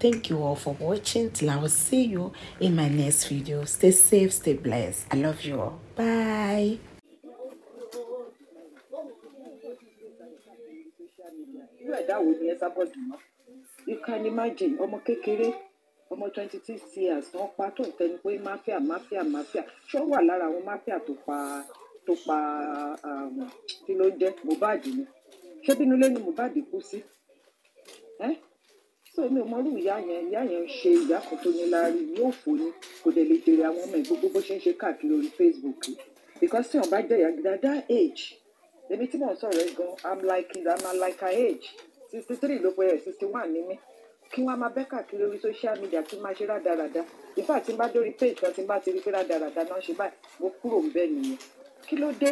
Thank you all for watching. Till I will see you in my next video. Stay safe, stay blessed. I love you all. Bye. You can imagine ọmọ kékeré ọmọ twenty six years wọ́n pa tó ń tẹnu pé mafia mafia mafia ṣọ́ wà lára àwọn mafia tó pa tó pa um, kí ló ń jẹ́ Mohbad ni ṣé bínú lé ní Mohbad kú sí so èmi ò mọ irú ìyá yẹn ìyá yẹn ń ṣe ìyá kan tó ní láárí yóò fò ní kò dẹ̀ lè jèrè àwọn ọmọ ẹ̀ bó ṣe ń ṣe káàkiri orí Facebook because tí wọn bá jẹ ìyá gidi age èmi tí mò ń sọ̀rọ̀ ẹ̀ gan i'm like i'm like her age sixty three ló pẹ́ ẹ̀ sixty one ní mí kí wọ́n máa bẹ́ káàkiri orí social media kí n máa ṣe rádaràda ìfà tí n bá dórí page kan tí n bá ti rí pé rádaràda náà ṣe báyìí mo kúrò ń bẹ̀ nìyẹn kí ló dé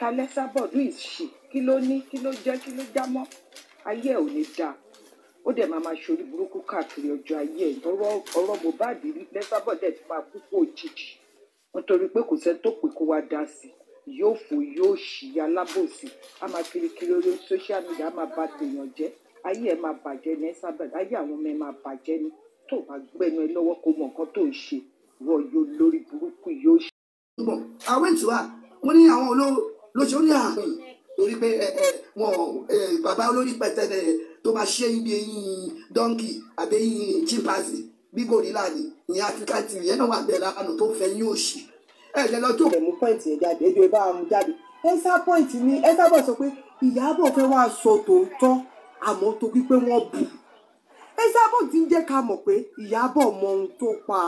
ta lẹ́sà bọ̀dú ìṣì kí ló ní kí ló jẹ́ kí ló já ayé ò ní dáa ó dẹ̀ máa máa ṣorí burúkú káàkiri ọjọ́ ayé ẹ̀ ọ̀rọ̀ Mohbad lẹ́sàbọ̀ dẹ̀ ti máa kú kó òjijì nítorí pé kò sẹ́ni tó pè kó wá dá sí yóò fò yóò ṣì ya lábòsí a máa kiri orí social media a máa ba tèèyàn jẹ́ ayé ẹ̀ máa bàjẹ́ ní Elizabeth ayé àwọn ọmọ ẹ̀ máa bàjẹ́ ní tó bá gbẹ́nu ẹ lọ́wọ́ kó mọ nǹkan tó ń ṣe wọ́n yóò lórí burúkú yóò ṣe. bọ̀ àwọn ìtura wọn ní àwọn olóró ló ṣe ó torí pé bàbá olórí pẹ̀tẹ́lẹ̀ tó máa ṣe ibi eyín dọ́ńkì àbẹ́yìn chimpanzee bí gorilla ni ìyẹn African TV yẹn náà wà bẹ́ẹ̀ lánàá tó fẹ́ yín òṣì ẹ jẹ́ lọ tó. ẹ̀mú pọ́ìntì ẹ̀ jáde ẹjọ́ ẹ bá mu jáde ẹ̀sà pọ́ìntì ni ẹ̀sà bọ̀ sọ pé Ìyábọ̀ fẹ́ wá sọ tòótọ́ àmọ́ tó wípé wọ́n bù ẹ̀sà bọ̀ ti ń jẹ́ ká mọ̀ pé Ìyábọ̀ mọ ohun tó pa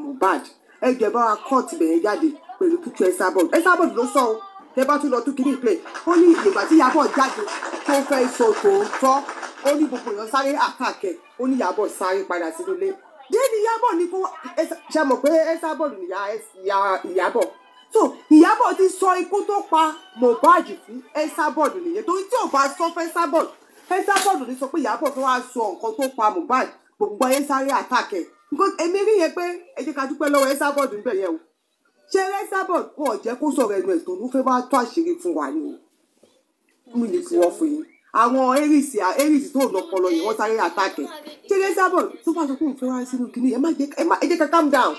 Mohbad ẹjọ́ ẹ bá wa kọ́ọ̀tì bẹ̀rẹ̀ jáde pẹ̀lú kútu ẹ̀sà bọ̀ ẹ̀sà bọ̀ ló sọ ọ́ tẹ bá tún lọ tún kiri ìpè ó ní ìgbà tí Ìyábọ̀ jáde tó fẹ́ sọ tòótọ́ ó ní gbogbo èèyàn sáré àkàkẹ́ ó ní Ìyábọ̀ sáré padà sínú ilé déèdì Ìyábọ̀ ni kó ṣe mọ̀ pé ẹ̀sà bọ́ọ̀lù ni Ìyábọ̀ so Ìyábọ̀ ti sọ ikú tó pa Mohbad fún ẹ̀sà bọ́ọ̀lù nìyẹn torí tí ò bá sọ fún ẹ̀sà bọ́ọ̀lù ẹ̀sà bọ́ọ̀lù ni sọ pé Ìyábọ̀ tó wá sọ nǹkan tó pa Mohbad gbogbo ẹ̀ sáré àkàkẹ́ èmi rí yẹn pé ẹ jẹ́ ká dúpẹ́ lọ́wọ́ ẹ̀sà bọ́ọ̀lù níbẹ̀ yẹn o ṣé ẹ̀sà bọ́ọ̀lù wọn ò jẹ́ kó sọ̀rọ̀ ẹnu ẹ̀ tó ń fẹ́ bá tó àṣírí fún wa ni mi lè fi fún yín àwọn aries aries tó lọ́pọlọ yìí wọ́n sáré àtàkẹ́ jẹ́gẹ́ sábọ̀ tó bá sọ pé òun fẹ́ wá sínú kìnìún ẹ má jẹ́ ẹ jẹ́ ká calm down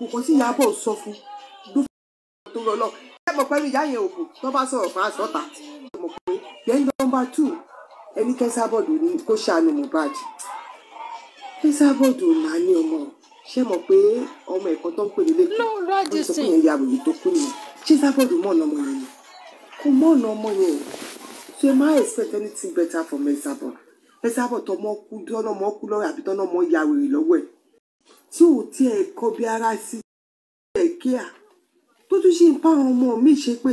nǹkan tí ìyàbọ̀ sọ fún ló fún tó rọ lọ ẹ mọ̀ pẹ̀lú ìyá yẹn òkú tó bá sọ̀rọ̀ fún àsọ̀tà ẹ mọ̀ pé then number two ẹni kẹsàbọ̀dù ni kó ṣàánú Mohbad kẹsàbọ̀dù máa ní ọmọ ṣé mọ̀ pé ọmọ ẹ̀kọ́ tó ń pè nílé kí wọ́n sọ fún yẹn ìyá àwòrán tó kú nìyẹn ṣé sábọ̀dù mọ̀ ọ̀nà ọmọ yẹn ni kò mọ̀ ọ̀nà ọmọ yẹn ṣe máa expect anything better from Esabod Esabod tó mọ́ kú tọ́nà mọ́ kú lọ́wọ́ àbí tọ́nà mọ́ ya wèrè lọ́wọ́ ẹ̀ tí ò tiẹ̀ kọ́ bí ara sí ẹ̀ kíá tó tún ṣe ń bá àwọn ọmọ mi ṣe pé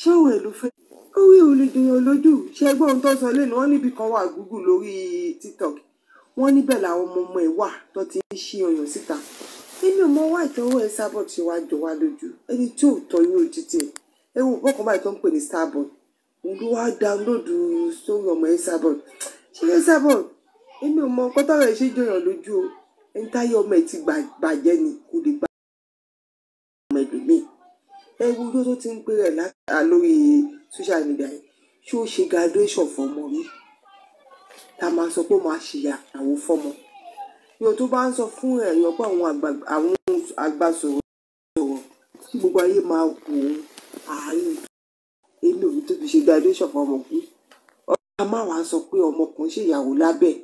ṣáwọn ẹ̀ ló fẹ́. ó rí olùdíyàn lójú ṣe ẹgbẹ́ ohun tó sọ lẹ́nu wọn níbi kan wà gúgù lórí tiktok wọn níbẹ̀ làwọn ọmọ ọmọ ẹ̀ wà tó ti ń ṣe ọyàn síta èmi ò mọ wá ìtọ́wọ́ Esabod ṣe wá jọ wá lójú ẹni tí ò tọ́ irú òjì tiẹ̀ ẹ wò bọ́kàn báyìí tó ń pè ní Starboy olúwa dáńlódù sórí ọmọ Esabod ṣé Esabod èmi ò mọ kọ́tà rẹ̀ ṣe jọyàn lójú o ẹni ọmọ ẹ ti bàjẹ́ ni kò lè gbà ọmọ ẹlòmíì ẹ wo tó ti ń pè rẹ̀ lórí social media yìí ṣé ó ṣe graduation fọmọ rí ta máa sọ pé ó máa ṣèyà àwọn fọmọ yóò tó bá ń sọ fún ẹ̀yàn pé àwọn àgbà sọ̀rọ̀ gbogbo ayé máa wò ó àárín èlò mi tó fi ṣe graduation fún ọmọ kú ọba má wàá sọ pé ọmọ kan ṣèyàwó lábẹ́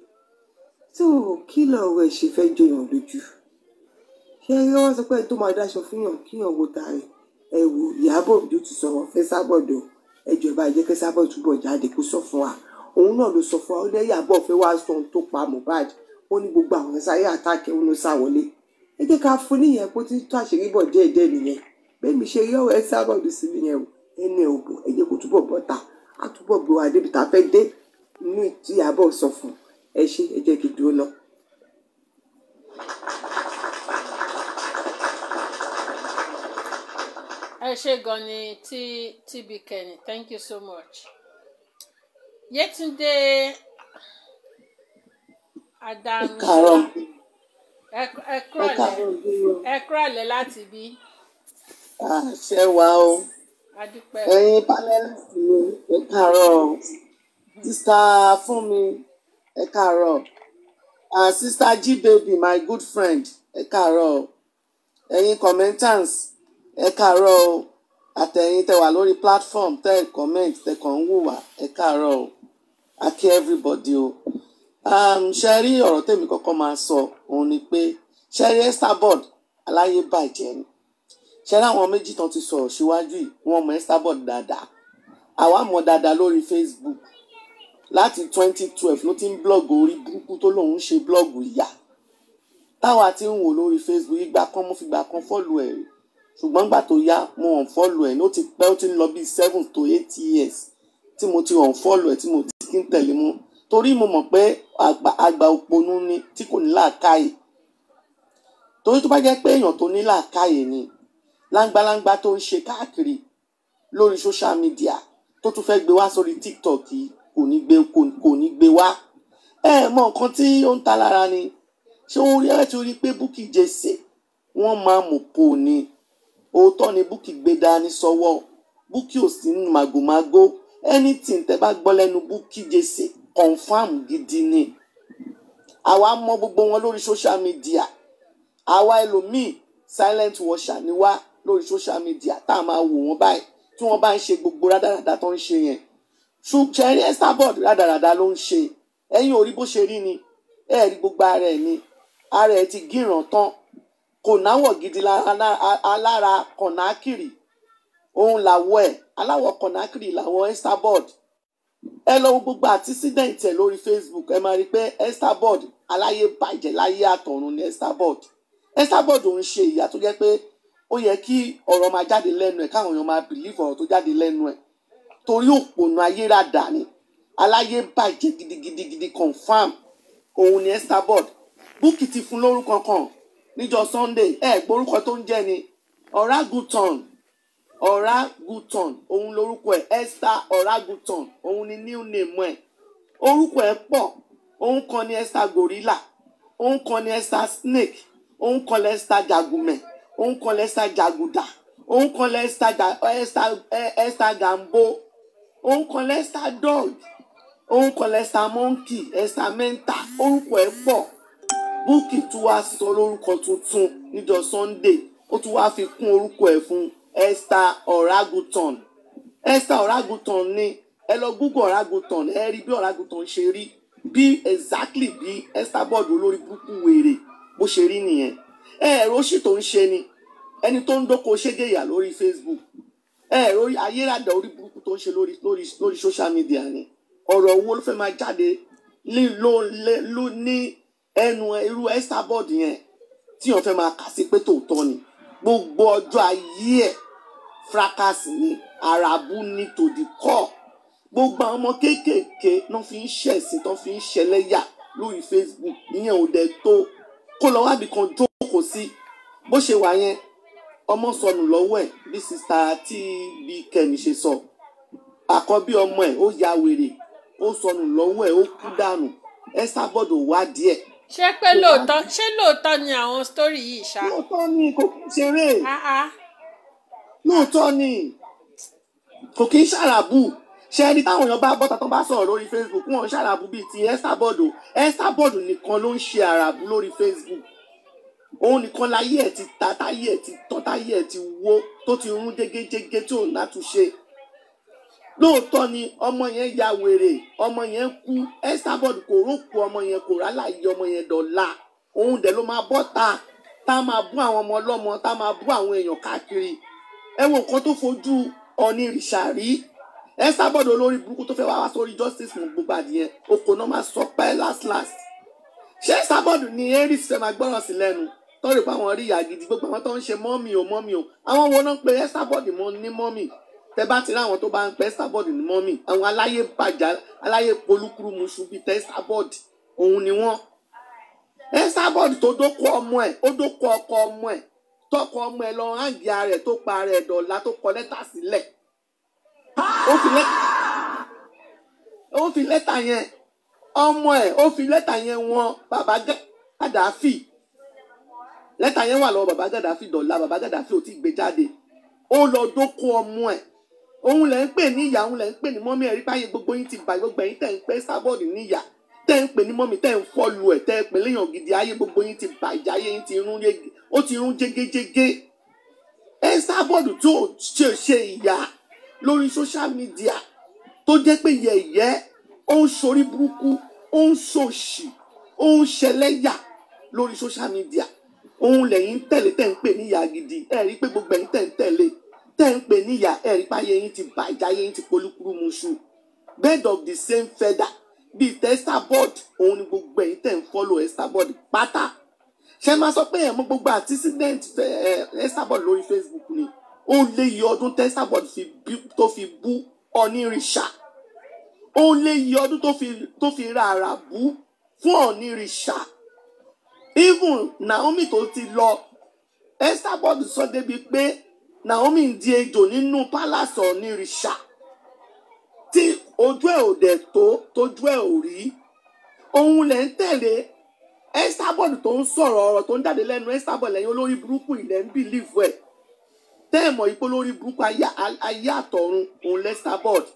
tó kí lọ́rọ̀ ẹ̀ ṣe fẹ́ jọyàn lójú ṣé ẹ wọ́n sọ pé tó máa dáṣọ fúnyàn kíyàn wo tààrẹ ẹ wò Ìyábọ̀ Òjó ti sọ̀rọ̀ fẹ́ sábọ̀dọ̀ ẹjọ́ ìbá jẹ́ kẹ́ sábọ̀ túbọ̀ jáde kó sọ fún wa òun náà ló sọ fún wa ó lẹ́yìn àbọ̀ fẹ́ wá sọ ohun tó pa Mohbad ó ní gbogbo àwọn sáré àtàkẹ́ òun ló sá wọlé ẹ jẹ́ ká fún níyẹn kó ti tó àṣírí bọ̀ díẹ̀díẹ̀ nìyẹn bẹ́ẹ̀ mi ṣe rí ọ̀rọ̀ ẹ sábọ̀dọ̀ sí nìyẹn o ẹnu ògùn ẹ jẹ́ túbọ̀ bọ́ta á túbọ̀ gbé tá a fẹ́ dé inú tí àbọ̀ sọ fún ẹ ṣe ẹ jẹ́ kí n dúró náà. ẹ ṣe gan tí TB Kenny thank you so much. Yétúndé Adamu ẹ kúrọ̀lẹ́ láti bí. ṣé wàá o ẹ̀yin panelist mi ẹ káàárọ̀ sista Fúnmi ẹ káàárọ̀ and sista baby, my good friend ẹ káàárọ̀ ẹ̀yin commentants ẹ káàárọ̀ o àtẹ̀yin tẹ wà lórí platform tẹ ẹ comment tẹ kàn ń wùwà ẹ káàárọ̀ àkí everybody o um, ṣe rí ọ̀rọ̀ tèmi kọ́kọ́ máa sọ òun ni pé ṣe rí Esther board aláyé bàjẹ́ ni ṣe láwọn méjì tán ti sọ̀rọ̀ síwájú yìí wọ́n mọ̀ Esabod dáadáa àwa mọ̀ dáadáa lórí Facebook láti twenty twelve ló ti ń blọ́ọ̀gù orí burúkú tó lòun ṣe blọ́ọ̀gù ìyá táwa ti ń wò lórí Facebook ìgbà kan mo fi gbà kan fọ́ọ̀lù ẹ̀ ṣùgbọ́n gbà tó yá mo hàn fọ́ọ̀lù ẹ̀ ní ó ti pẹ́ ó ti ń lọ bíi seven to eight years tí mo ti hàn fọ́ọ̀lù ẹ̀ tí mo ti kí ń tẹ̀lé mọ́ torí mo mọ̀ pé àgbà òponú ni tí kò ní làákàyè torí tó bá jẹ́ pé èèyàn tó ní làákàyè ni láńgbáláńgbá tó ń ṣe káàkiri lórí social media tó tún fẹ́ gbé wá sórí tiktok yìí kò ní gbé kò ní gbé wá ẹ mọ nǹkan tí ó ń ta lára ni ṣé wọn rí ẹ ti rí pé Bukky Jesse wọn máa mọ̀ pò ní òótọ́ ni Bukky gbé dání sọ́wọ́ Bukky ò sí màgòmágó anything tẹ́ bá gbọ́ lẹ́nu Bukky Jesse confam gidi ni àwa mọ gbogbo wọn lórí social media àwa ẹlòmíì silent watcher ni wá lórí social media tá a máa wò wọ́n báyìí tí wọ́n bá ń ṣe gbogbo rádaràda tó ń ṣe yẹn ṣùgbọ́n ẹ̀rí Esabod rádaràda ló ń ṣe ẹ̀yin ò rí bó ṣe rí ni ẹ̀ rí gbogbo ara ẹ̀ ni ara ẹ̀ ti gíràn tán kò náwọ̀ gidi alára kọ̀nákìrì òun làwọ̀ ẹ̀ aláwọ̀ kọ̀nákìrì làwọ̀ Esabod ẹ lọ wo gbogbo àtísídẹ̀ǹtì ẹ̀ lórí Facebook ẹ máa rí i pé Esabod aláyé bàjẹ́ láyé àtọ̀run ni Esabod Esabod òun ṣe ìyà tó jẹ́ pé ó yẹ kí ọ̀rọ̀ máa jáde lẹ́nu ẹ̀ káwọn èèyàn máa bìlífù ọ̀rọ̀ tó jáde lẹ́nu ẹ̀ torí òpònú ayérada ni aláyé bàjẹ́ gidigidigidi confam òun ni esther board búkì ti fún lórúkọ kan níjọ́ sunday ẹ gbórúkọ tó ń jẹ́ ni ọ̀rágùtàn ọ̀rágùtàn òun lórúkọ ẹ̀ esther ọ̀rágùtàn òun ni new name ẹ̀ orúkọ ẹ̀ pọ̀ òun kan ni esther gorilla òun kan ni esther snake òun kan ni esther jagumẹ̀ òun kan lẹ́sà jàgùdà òun kan lẹ́sà gàmbó òun kan lẹ́sà dog òun kan lẹ́sà monkey ẹ̀sà mẹ́ta orúkọ ẹ̀ pọ̀ búùkì tún wá sọ lórúkọ tuntun níjọ sunday ó tún wá fi kún orúkọ ẹ̀ fún ẹ̀sà ọ̀rágùtàn ẹ̀sà ọ̀rágùtàn ni ẹ lọ google ọ̀rágùtàn ẹ rí bí ọ̀rágùtàn ṣe rí bí exactly bí ẹ̀sà bọ́ọ̀dù olórí búkú wèrè bó ṣe rí nìyẹn ẹ̀rọ ṣì tó ń ṣe ni ẹni tó ń dóko ṣégeyà lórí Facebook ẹ̀rọ ayérada orí burúkú tó ń ṣe lórí lórí lórí social media ni ọ̀rọ̀ owó ló fẹ́ máa jáde ló ní ẹnu irú Esther board yẹn tí wọ́n fẹ́ máa kà sí pé tòótọ́ ni gbogbo ọjọ́ ayé ẹ̀ fracas ni arabu ni to the core gbogbo àwọn ọmọ kéékèèké náà fi ń ṣẹ̀sìn tán fi ń ṣẹlẹ́yà lórí Facebook ìyẹn ò dẹ̀ tó kó lọ wá bìkan jókòó sí bó ṣe wà yẹn ọmọ sọnù lọ́wọ́ ẹ̀ bí sista tí bí kẹ́ni ṣe sọ àkọ́bí ọmọ ẹ̀ ó ya wèrè ó sọnù lọ́wọ́ ẹ̀ ó kú dànù ẹ sábọ́dọ̀ wá díẹ̀. ṣé pé lóòótọ́ ṣé lóòótọ́ ni àwọn sítórì yìí ṣá. lóòótọ́ ni kò kí n ṣeré ah, ah. lóòótọ́ ni kò kí n ṣàràbù ṣe ẹni táwọn èèyàn bá bọ́ta tán bá sọ̀rọ̀ lórí Facebook wọn ṣàràbù bíi ti Esther Bọ́ọ̀dù Esther Bọ́ọ̀dù nìkan ló ń ṣe àràbù lórí Facebook òun nìkan láyé ẹ̀ ti ta táyé ẹ̀ ti tán táyé ẹ̀ ti wó tó ti rún jégéjégé tí òun látúnṣe lóòótọ́ ni ọmọ yẹn ya wèrè ọmọ yẹn kú Esther Bọ́ọ̀dù kò rókù ọmọ yẹn kò rálàyé ọmọ yẹn dọ̀la òun dẹ̀ ló máa bọ́ta tá a máa bú àwọn ọmọ ọlọ́mọ tá a máa bú àwọn èèyàn káàkiri ẹ wo nǹkan tó fojú Ọ̀nìrìṣà rí ẹ sábọ̀dọ̀ lórí burúkú tó fẹ́ wá wá sórí justice mú gbogbo adìyẹ oko náà máa sọ pẹ́ last last ṣé sábọ̀dù ni aries fẹ́ máa gbọ́ràn sí lẹ́nu tọ́rì pé àwọn rí ìyá gidi gbogbo àwọn tó ń ṣe mọ́mì o mọ́mì o àwọn wo náà ń pe ẹ́sàbọ̀dì mọ́ ní mọ́mì tẹ bá ti rí àwọn tó bá ń pe ẹ́sàbọ̀dì ní mọ́mì àwọn aláyé bàjá aláyé polúkúrú musu bíi tẹ ẹ́sàbọ̀dì òun ni wọ́n. ẹ́sàbọ̀dì tó dókó ọmọ ẹ̀ ó dókó ọkọ ọmọ ẹ̀ tọkọ ọmọ ẹ̀ lọ hàǹgì ara ẹ̀ tó pa ara ó fi lẹ́tà ó fi lẹ́tà yẹn ọmọ ẹ̀ ó fi lẹ́tà yẹn wọn bàbá gàdáfì lẹ́tà yẹn wà lọ́wọ́ bàbá gàdáfì dọ̀la bàbá gàdáfì ò tí gbé jáde ó lọ dóko ọmọ ẹ̀ òun lẹ́ ń pè ní ìyá òun lẹ́ ń pè ní mọ́mí ẹ̀rí báyìí gbogbo yín ti bà gbogbo yín tẹ̀ ń pẹ́ sábọ̀dì níyà tẹ́ ń pè ní mọ́mí tẹ́ ń fọ́lu ẹ̀ tẹ́ ń pè léyàn gidi ayé gbogbo yín ti bà ìjà ayé yín ti rún ó ti rún jégéjégé ẹ sábọ̀dù tó ṣe ìyá lórí social media tó jẹ́ pé yẹ̀yẹ́ ó ń sorí burúkú ó ń sòṣì ó ń ṣẹlẹ́yà lórí social media òun lẹ́yìn tẹ̀lé tẹ̀ ń pè níyà gidi ẹ̀ rí pé gbogbo ẹ̀yin tẹ̀ ń tẹ̀lé tẹ̀ ń pè níyà ẹ̀ rí páyé yín ti bàjá yé yín ti polúkúrú muṣu bird of the same feather bíi tester board òun ni gbogbo ẹ̀yin tẹ̀ ń fọ́lọ̀ ester board pátá ṣe máa sọ pé ẹ̀ mọ gbogbo àtisídẹ́ǹtì ester lórí Facebook ni ó lé iye ọdún Esther tó fi bú ọ̀nìrìṣà ó lé iye ọdún tó fi ra àrà bú fún ọ̀nìrìṣà even Naomi tó ti lọ Esther sọ débi pé Naomi ń di ejò nínú pálásì ọ̀nìrìṣà tí ojú ẹ̀ ò dẹ̀ tó tójú ẹ̀ ò rí òun lẹ̀ ń tẹ̀lé Esther tó ń sọ̀rọ̀ ọ̀rọ̀ tó ń jáde lẹ́nu Esther lẹ́yìn olórí burúkú ilẹ̀ ń bìlíìfù ẹ̀ tẹ́ẹ̀mọ̀ yìí pé lórí burúkú ayé àtọ̀run òun lester board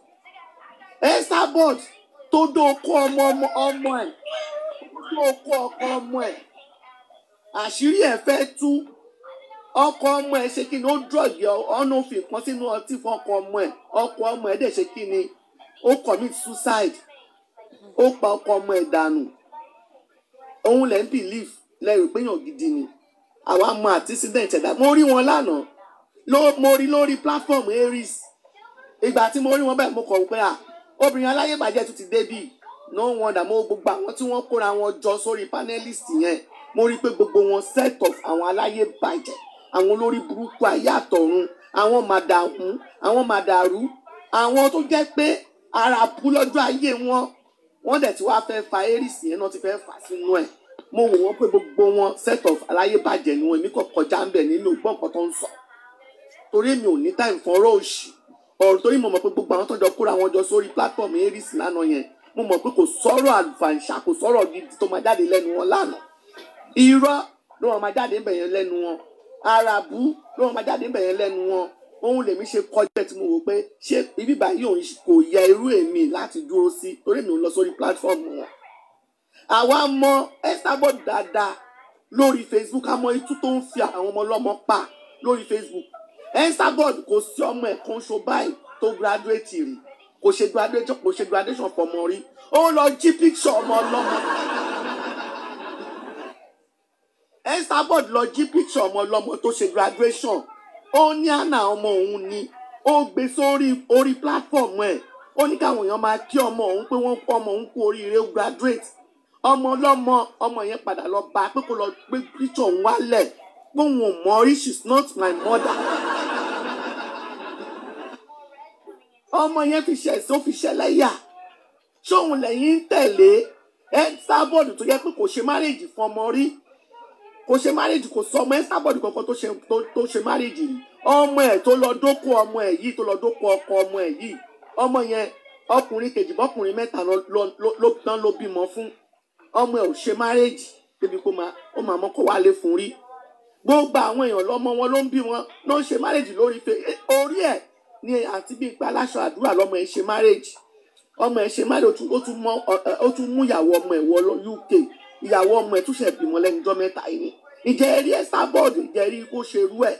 lester board tó dóokó ọmọ ọmọ ọmọ ẹ̀ tó dóokó ọkọ ọmọ ẹ̀ àṣírí ẹ̀ fẹ́ tú ọkọ ọmọ ẹ̀ ṣe kí ni ó dúrọ̀gì ọ̀nà òfin kan sínú ọtí fún ọkọ ọmọ ẹ̀ ọkọ ọmọ ẹ̀ dẹ̀ ṣe kí ni ó commit suicide ó pa ọkọ ọmọ ẹ̀ dànù òun lẹ́ ń believe lẹ́rù pé èèyàn gidi ni àwa mọ àti accident ẹ̀dá mo rí wọn lánàá ló mo rí lórí platform aries ìgbà tí mo rí wọn bẹ́ẹ̀ mo kọ̀ pé à ah, obìnrin aláyébàjẹ́ tún ti débì no wonder mo gbogbo àwọn tí wọ́n kóra wọn jọ sórí panelist yẹn mo rí i pé gbogbo wọn set of àwọn aláyébàjẹ́ àwọn olórí burúkú ayé àtọ̀run àwọn màdàmú àwọn màdàrú àwọn tó jẹ́ pé ara bú lọ́jọ́ ayé wọn wọ́n dẹ̀ tí wàá fẹ́ fa aries yẹn náà ti fẹ́ fà sínú ẹ̀ mo wò wọ́n pé gbogbo wọn set of aláyébàjẹ́ ni wọn èmi kò kọjá ń bẹ̀ nínú gbọ́ǹkan tó ń sọ torí èmi ò ní tá nǹkan ọ̀rọ̀ òṣì ọ̀rọ̀ torí mo mọ̀ pé gbogbo àwọn tó jọ kóra wọn jọ sórí platform aries lánàá yẹn mo mọ̀ pé kò sọ̀rọ̀ àlùfàǹṣà kò sọ̀rọ̀ gidi tó máa jáde lẹ́nu wọn lánàá irọ́ ló wọn máa jáde ńbẹ̀ yẹn lẹ́nu wọn arabu ló wọn máa jáde ńbẹ̀ yẹn lẹ́nu wọn ohun lèmi ṣe kọjá tí mo wò pé ṣé ibi báyìí òun kò yẹ irú èmi láti dúró sí torí èmi ò lọ sórí platform wọn àwa mọ Esabod dáadáa lórí Facebook àmọ́ itú tó ń fi àwọn ọmọ ọlọ́mọ pa lórí Facebook endsabod kò sí ọmọ ẹ̀kan ṣo báyìí tó graduate rí kò ṣe graduation kò ṣe graduation fọmọ rí ó lọ jí picture ọmọ ọlọ́mọ endsabod lọ jí picture ọmọ ọlọ́mọ tó ṣe graduation ó ní àná ọmọ òun ni ó gbé sórí orí platform ẹ̀ ó ní káwọn èèyàn máa kí ọmọ òun pé wọ́n ọmọ òun kú oríire ó graduate ọmọ ọlọ́mọ ọmọ yẹn padà lọ bá a pé kó lọ gbé picture òun wálẹ̀ pé ò mọ̀ rí she is not my mother. ọmọ yẹn fi ṣẹ̀sìn ó fi ṣẹlẹ́yà ṣóun lẹ́yìn ń tẹ̀lé ẹ́ńtábọ̀dù tó yẹ pé kò ṣe márèèjì fún ọmọ rí kò ṣe márèèjì kò sọ ọmọ ẹ́ńtábọ̀dù kankan tó ṣe márèèjì rí ọmọ ẹ̀ tó lọ dókò ọmọ ẹ̀ yìí tó lọ dókò ọkọ ọmọ ẹ̀ yìí ọmọ yẹn ọkùnrin kejì bọ́kùnrin mẹ́ta lọ́n ló bímọ fún ọmọ ẹ̀ ò ṣe márèèjì débi kó máa ó máa mọ́ kó wálé fún rí gbogbo àwọn èèyàn lọ́mọ wọn ló ń bí wọn ló ń ṣe márèèjì lórí orí ẹ̀ ní àti bíi pé aláṣọ àdúrà lọ́mọ ẹ̀ ṣe marriage ọmọ ẹ̀ ṣe marriage ó tún mú ìyàwó ọmọ ẹ̀ wọ UK ìyàwó ọmọ ẹ̀ tún ṣe bímọ lẹ́nu ọjọ́ mẹ́ta yìí ni ìjẹ́ rí ẹ Starboy ìjẹ́ rí kó ṣe rú ẹ̀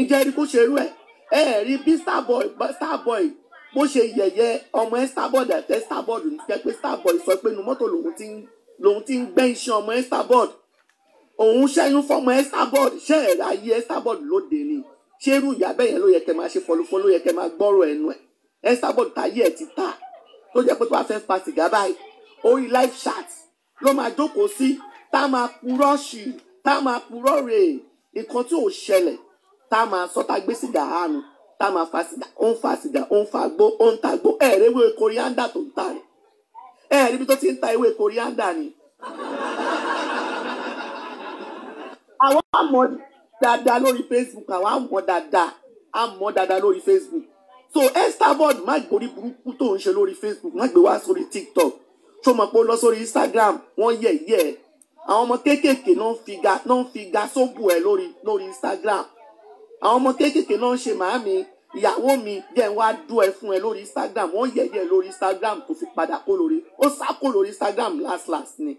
ìjẹ́ rí kó ṣe rú ẹ̀ ẹ rí bí Starboy Starboy bó ṣe yẹ̀yẹ́ ọmọ ẹ̀ Starboy àtẹ Starboy nígbà pé Starboy sọ pé inú mọ́tò lòun ti ń lòun ti ń gbẹ́ iṣan ọmọ ẹ̀ Starboy òun ṣẹ́yún fọmọ ẹ̀ Starboy ṣẹ́ẹ̀rẹ́ ayé ẹ̀ Starboy lóde ni ṣé irú ìyá bẹ́ẹ̀ yẹn ló yẹ kẹ́ máa ṣe fọlúfọ ló yẹ kẹ́ máa gbọ́rọ̀ ẹnu ẹ̀ Esther Boyd táyé ẹ̀ ti ta tó jẹ́ pé tó bá fẹ́ fa sìgá báyìí orí life chat ló máa jókòó sí tá a máa purọ́ ṣì tá a máa purọ́ rèé nǹkan tí ò ṣẹlẹ̀ tá a máa sọ tá a gbé sìgá àánú tá a máa fa sìgá ó ń fa sìgá ó ń fa gbó ó ń ta gbó ẹ̀ẹ́rẹ́ ewé kòríáńdà tó ń ta rẹ̀ ẹ̀ẹ́rẹ́ ibi tó ti ń ta ewé kòríáńdà ni. àwọn àmọ́ ni dáadáa lórí Facebook àwa mọ̀ dáadáa a mọ̀ dáadáa lórí Facebook so Estabod má gbórí burúkú tó ń ṣe lórí Facebook má gbé wá sórí TikTok tó mọ̀ pé ó lọ sórí Instagram wọ́n yẹ̀ yẹ̀ ẹ́ àwọn ọmọ kéékèèké náà fi ga náà fi ga sóbù ẹ lórí lórí Instagram àwọn ọmọ kéékèèké náà ṣe màámi ìyàwó mi jẹ́ ń wá dú ẹ fún ẹ lórí Instagram wọ́n yẹ̀yẹ́ lórí Instagram tó fi padà kó lórí ó sá kó lórí Instagram last last ni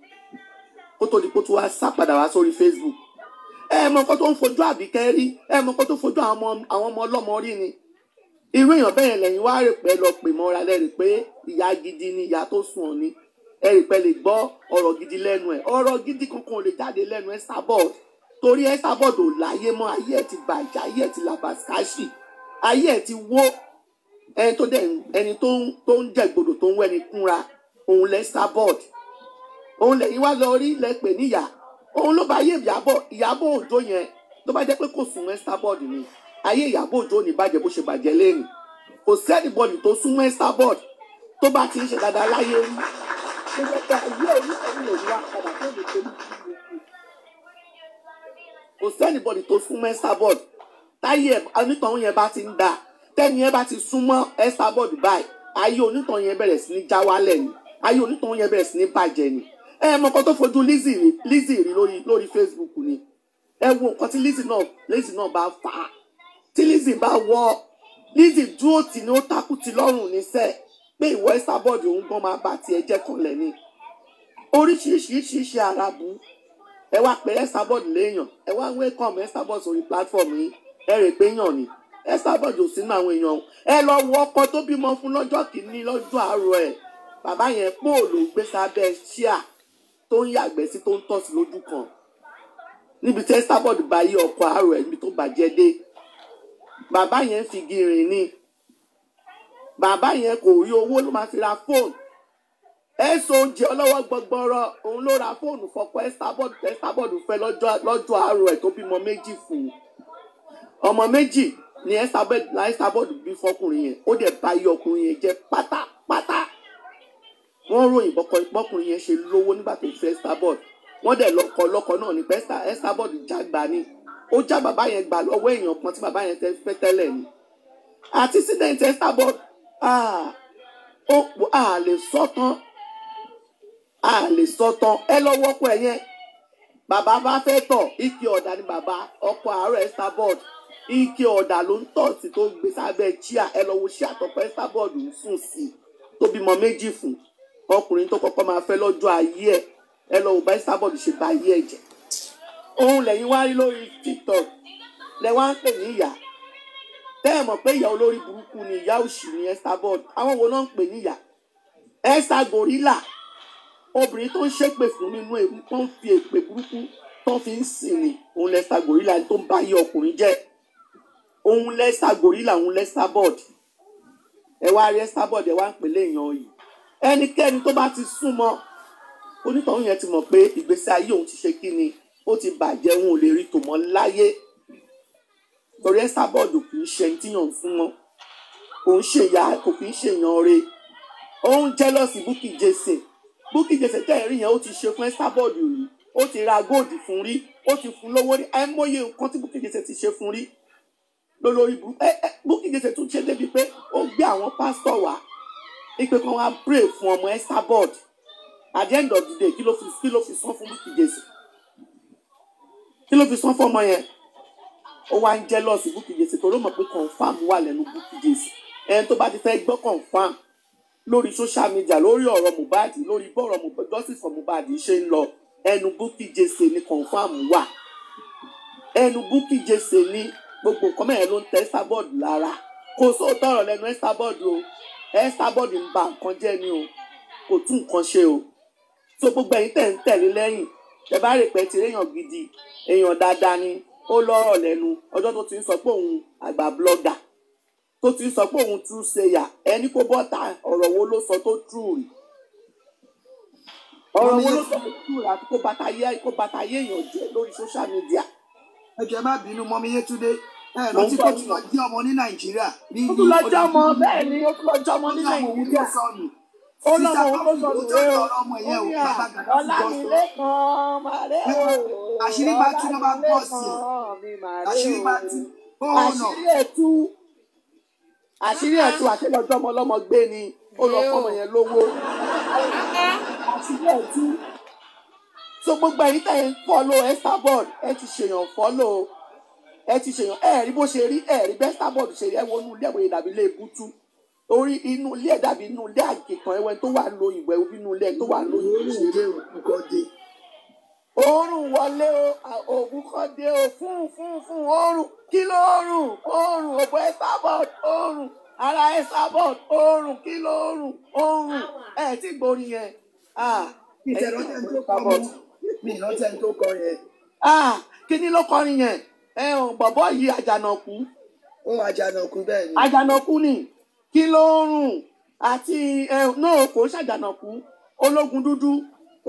kó tó di kó tó wá sá padà wá sórí Facebook ẹ mọ nǹkan tó ń fojú àbíkẹ́ rí ẹ mọ nǹkan tó fojú àwọn ọmọ ọlọ́mọ rí ni irú èèyàn bẹ́ẹ̀ lẹ́yìn wá rè pé lọ pè mọ́ra lẹ́rìí pé ìyá gidi ni ìyá tó sùn ọ̀ ni ẹ̀rì pẹ́ lè gbọ́ ọ̀rọ̀ gidi lẹ́nu ẹ̀ ọ̀rọ̀ gidi kankan ò lè jáde lẹ́nu ẹ̀ sábọ̀d torí ẹ̀ sábọ̀d ò láyé mọ́ ayé ẹ̀ ti bàjẹ́ ayé ẹ̀ ti làbàṣkáṣì ayé ẹ̀ ti wó ẹni tó dẹ̀ ẹni tó ń jẹ̀gbodò tó ń wẹ́ni kúnra òun lẹ́ sábọ̀d òun lẹ́yìn wá lọ rí lẹ́ pè níyà òun ló bá ayé ìyàbọ̀ ìyàbọ̀ òjò yẹn ló bá jẹ́ pé kò sùn ẹ́sítà bọ́ọ̀dù ni ayé ìyàbọ̀ òjò ní bàjẹ́ bó ṣe bàjẹ́ lẹ́yìn kò sẹ́ni bọ́ọ̀dù tó sún ẹ́sítà bọ́ọ̀dù tó bá ti ń ṣe dáadáa láyé rí kò sẹ́ni bọ́ọ̀dù tó sún ẹ́sítà bọ́ọ̀dù táyé onítọ̀hún yẹn bá ti ń da tẹ́ni yẹn bá ti súnmọ́ ẹ́sítà bọ́ọ̀dù báyìí ayé onítọ̀hún yẹn bẹ̀rẹ̀ sí ní já wálẹ̀ ni ayé onítọ̀hún ẹ mọ nǹkan tó fojú Lizzy rí Lizzy rí lórí lórí Facebook ni ẹ wo nǹkan tí Lizzy náà Lizzy náà bá fà á tí Lizzy bá wọ Lizzy dúró tì ní ó takú ti lọ́rùn níṣẹ́ pé ìwọ Esabod òun gan máa bá tiẹ̀ jẹ́ kanlẹ̀ ni oríṣiríṣiríṣi arabu ẹ wá pé Esabod léèyàn ẹ wá welcome Esabod sórí platform yìí ẹ rè pé yàn ni Esabod ò sínú àwọn èèyàn ẹ lọ wọ ọkọ tó bímọ fún lọ́jọ́ kìíní lọ́jọ́ àárọ̀ ẹ̀ bàbá yẹn póòlù gbé sábẹ́ ṣíà tó ń yàgbẹ́ sí tó ń tọ̀ sí lójú kan níbi tí Estabod bá yí ọkọ̀ àárò ẹ̀ níbi tó bàjẹ́ dé bàbá yẹn fi gìrìn ni bàbá yẹn kò rí owó ló máa fi ra fóònù ẹ̀sùn oúnjẹ ọlọ́wọ́ gbọgbọrọ òun ló ra fóònù fọkọ Estabod Estabod fẹ́ lọ́jọ́ àárò ẹ̀ tó bímọ méjì fún un ọmọ méjì ni Estabod bí fọkùnrin yẹn ó dẹ̀ bá yí ọkùnrin yẹn jẹ́ pátá wọ́n ròyìn bọ́kùnrin yẹn ṣe lówó nígbà tó fẹ́ starboard wọ́n dẹ̀ lọ́kọ lọ́kọ náà ní pẹ́sà starboard jágba ni ó já bàbá yẹn gbà lọ́wọ́ èèyàn kan tí bàbá yẹn fẹ́ tẹ́lẹ̀ ni àti accident starboard ó pò a lè sọ́tàn a lè sọ́tàn ẹ lọ́wọ́ ọkọ ẹ yẹn bàbá bá fẹ́ tọ̀ ike ọ̀dà ni bàbá ọkọ̀ àárọ̀ starboard ike ọ̀dà ló ń tọ̀ sí tó gbé sábẹ́ chia ẹ lọ́wọ́ sí àtọ̀pẹ́ starboard ń sùn sí tó bímọ méjì fún un ọkùnrin tó kọ́kọ́ máa fẹ́ lọ́jọ́ ayé ẹ̀ ẹ lọ òbá Esabod ṣe ba ayé ẹ̀ jẹ́ òun lẹ́yìn wá rí lórí TikTok lẹ wá ń pè ní ìyá tẹ́ ẹ̀ mọ̀ pé ìyá olórí burúkú ni ìyá òṣì ni Esabod àwọn wo náà ń pè ní ìyá Esa gorilla obìnrin tó ń ṣépè fún nínú ewu tó ń fi èpè burúkú tó fi ń sìn ní òun lẹ́sà gorilla tó ń bá yí ọkùnrin jẹ́ òun lẹ́sà gorilla òun l'Esabod ẹ wá rí Esabod ẹ wá ń pè léèyàn yìí ẹnikẹ́ni tó bá ti súnmọ́ onítọ̀hún yẹn ti mọ̀ pé ìgbésí ayé òun ti ṣe kí ni ó ti bàjẹ́ òun ò lè rí tòmọ́ láyé torí ẹ́sà bọ́ọ̀dù kì í ṣe tíyàn súnmọ́ kò ń ṣe ìyá kò kì í ṣe èèyàn re ó ń jẹ́lọ́sì búkì jèsè búkì jèsè tẹ̀rí yẹn ó ti ṣe fún ẹ́sà bọ́ọ̀dù rí ó ti ra góòdì fún rí ó ti fún lówó rí àìmọye nǹkan tí búkì jèsè ti ṣe fún rí lólórí búkì jèsè tún ṣe débi pé ó gbé àwọn pásítọ̀ wá ipe kan wá pray fún ọmọ esther board at the end of the day kí ló fi kí ló fi san fún Bukky Jesse kí ló fi san fún ọmọ yẹn ó wá ń jealous Bukky Jesse torí ó mọ̀ pé confam wà lẹ́nu Bukky Jesse ẹni tó bá ti fẹ́ gbọ́ confam lórí social media lórí ọ̀rọ̀ Mohbad lórí bọ́ọ̀rọ̀ justice for Mohbad ṣe ń lọ ẹnu Bukky Jesse ni confam wà ẹnu Bukky Jesse ni gbogbo nǹkan mẹ́rin ló ń tẹ Esther board lára kò sóòótọ́ ọ̀rọ̀ lẹ́nu Esther board o. Esther ń ba nǹkan jẹ́ ni o kò tún nǹkan ṣe o tó gbogbo ẹ̀yin tẹ̀ ń tẹ̀lé lẹ́yìn tẹ bá rè pé ti réèyàn gidi èèyàn dáadáa ni ó lọ́rọ̀ lẹ́nu ọjọ́ tó ti ń sọ pé òun àgbà blogger tó ti ń sọ pé òun true sayer ẹni kó bọ́ta ọ̀rọ̀ wo ló sọ tó true rí ọ̀rọ̀ wo ló sọ tó true rí àti kó bàtà yé èèyàn jẹ́ lórí social media. ẹ jẹ́ má bínú mọ́mí yétúndé ẹ lọ sí kóòtù lọ jẹ́ ọmọ ní nàìjíríà. ó tún lọ jẹ́ ọmọ bẹ́ẹ̀ ni ó tún lọ jẹ́ ọmọ ní nàìjíríà. ó lọ mọ owó sọnù o ó ní à ọlámilé kan màrè o. àṣírí bá tú ló máa ń bọ̀ sí i àṣírí bá tú ó nà. àṣírí ètú àṣírí ètú àti lọ́jọ́ ọmọ ọlọ́mọ gbé ni ó lọ fọmọ yẹn lówó. àṣírí ètú so gbogbo ẹ̀yin tẹ̀ ń fọ́lọ̀ ẹ̀ sábọ̀ ẹ ti ṣèyàn fọ́lọ̀ o ẹ ti ṣèyàn ẹ rí bó ṣe rí ẹ rí bẹ́sítà bọ́ọ̀dù ṣe rí ẹ wọnú ilé ẹ̀wọ̀n dàbí ilé ibùtú torí inú ilé ẹ̀ dàbí inú ilé àgìkan ẹ̀wọ̀n tó wà lo ìwẹ̀ inú ilé tó wà lo ìwẹ̀ oorun wọlé òògùn kan dé o fún fún fún oorun kí ló oorun oorun òbò ẹsà bọọd oorun ara ẹsà bọọd oorun kí ló oorun oorun ẹ ti gbórí yẹn. ìtẹ̀rọ̀ tẹ̀ ń tó kọ́ mi ìrántí ẹni tó kọ yẹn. kí ni ló kọrin yẹn ẹ ò bọ̀bọ̀ yìí àjànàkú. ó àjànàkú bẹ́ẹ̀ ni. àjànàkú ni kí ló ń rùn àti ẹ náà kò ṣàjànàkú ológun dúdú.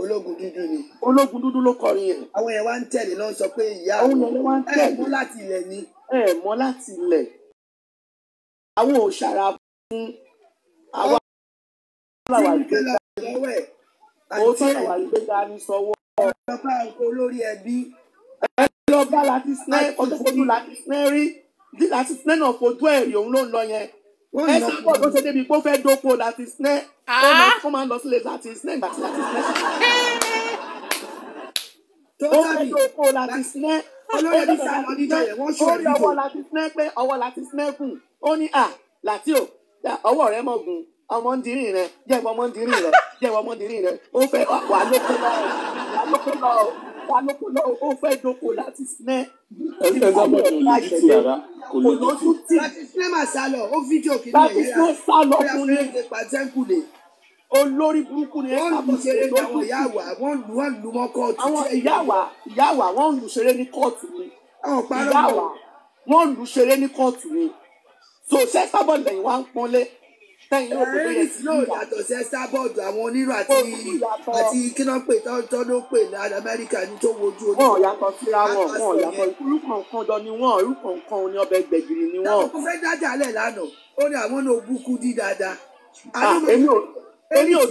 ológun dúdú ni. ológun dúdú ló kọrin yẹn. àwọn yẹn wá ń tẹ̀lé náà sọ pé ìyá ẹ̀ mọ́ láti ilẹ̀ ni. ẹ mọ́ láti ilẹ̀. àwọn ò ṣàrà fún àwọn àwọn àgbẹ̀dá òótọ́ àwọn àgbẹ̀dá ní sọ́wọ́. ọ̀rọ̀ bá ń kó lórí ẹbí ọjọ́ ọba la ti sinẹ́ ọjọ́ fojú la ti sinẹ́ rí bí la ti sinẹ́ náà fojú ẹ̀rí òun ló ń lọ yẹn ẹ sọ pọ̀ tó ṣe débi pé ó fẹ́ dóko la ti sinẹ́ ah! ó máa ń lọ sílé la ti sinẹ́ ìgbà tí la ti sinẹ́ ó fẹ́ dóko la ti sinẹ́ olórí ẹbí sáà lọ níjọ yẹn wọ́n ṣe ìdìbò ó ní ọwọ́ la ti sinẹ́ pé ọwọ́ la ti sinẹ́ gùn ó ní à láti ò ọwọ́ rẹ mọ̀ gùn ọmọdìrín rẹ jẹ́wọ́ ọmọdìrín rẹ jẹ́wọ́ ọmọdìrín rẹ ó fẹ́ wà lókè náà pa lóko náà ó fẹ́ dóko láti sinẹ́. ẹni tẹ́ sábà tó ní ti ti ara kò lè dé sí. láti sinẹ́ máa sá ó fídíò kìíní ẹ̀yà láti sinẹ́ sá lọ fún olórí burúkú ni ẹ káàbọ̀ sí ẹ lójú wọ́n lu wọ́n lu mọ́ kóòtù. àwọn ìyá wa wọ́n lu ṣeré ní kóòtù ni ìyá wọ́n lu ṣeré ní kóòtù ni so ṣẹ́ lẹ́yìn wá ń pọ́nlé ìwọ rẹ́rìsì náà yàtọ̀ sí ẹ́sítábọ́ọ̀dù àwọn onírò àti àti kínápè tọ́dún pè ní amẹ́ríkà ní tó wojú ojú. wọn yàtọ̀ síra wọn wọn yàtọ̀ irú kọ̀ọ̀kan jọ ni wọn irú kọ̀ọ̀kan ni ọbẹ̀ gbẹ̀gìrì ni wọn. táwọn fẹ́ dájà lẹ̀ lánàá ó ní àwọn náà búkú dí dáadáa. Ah, èmi ò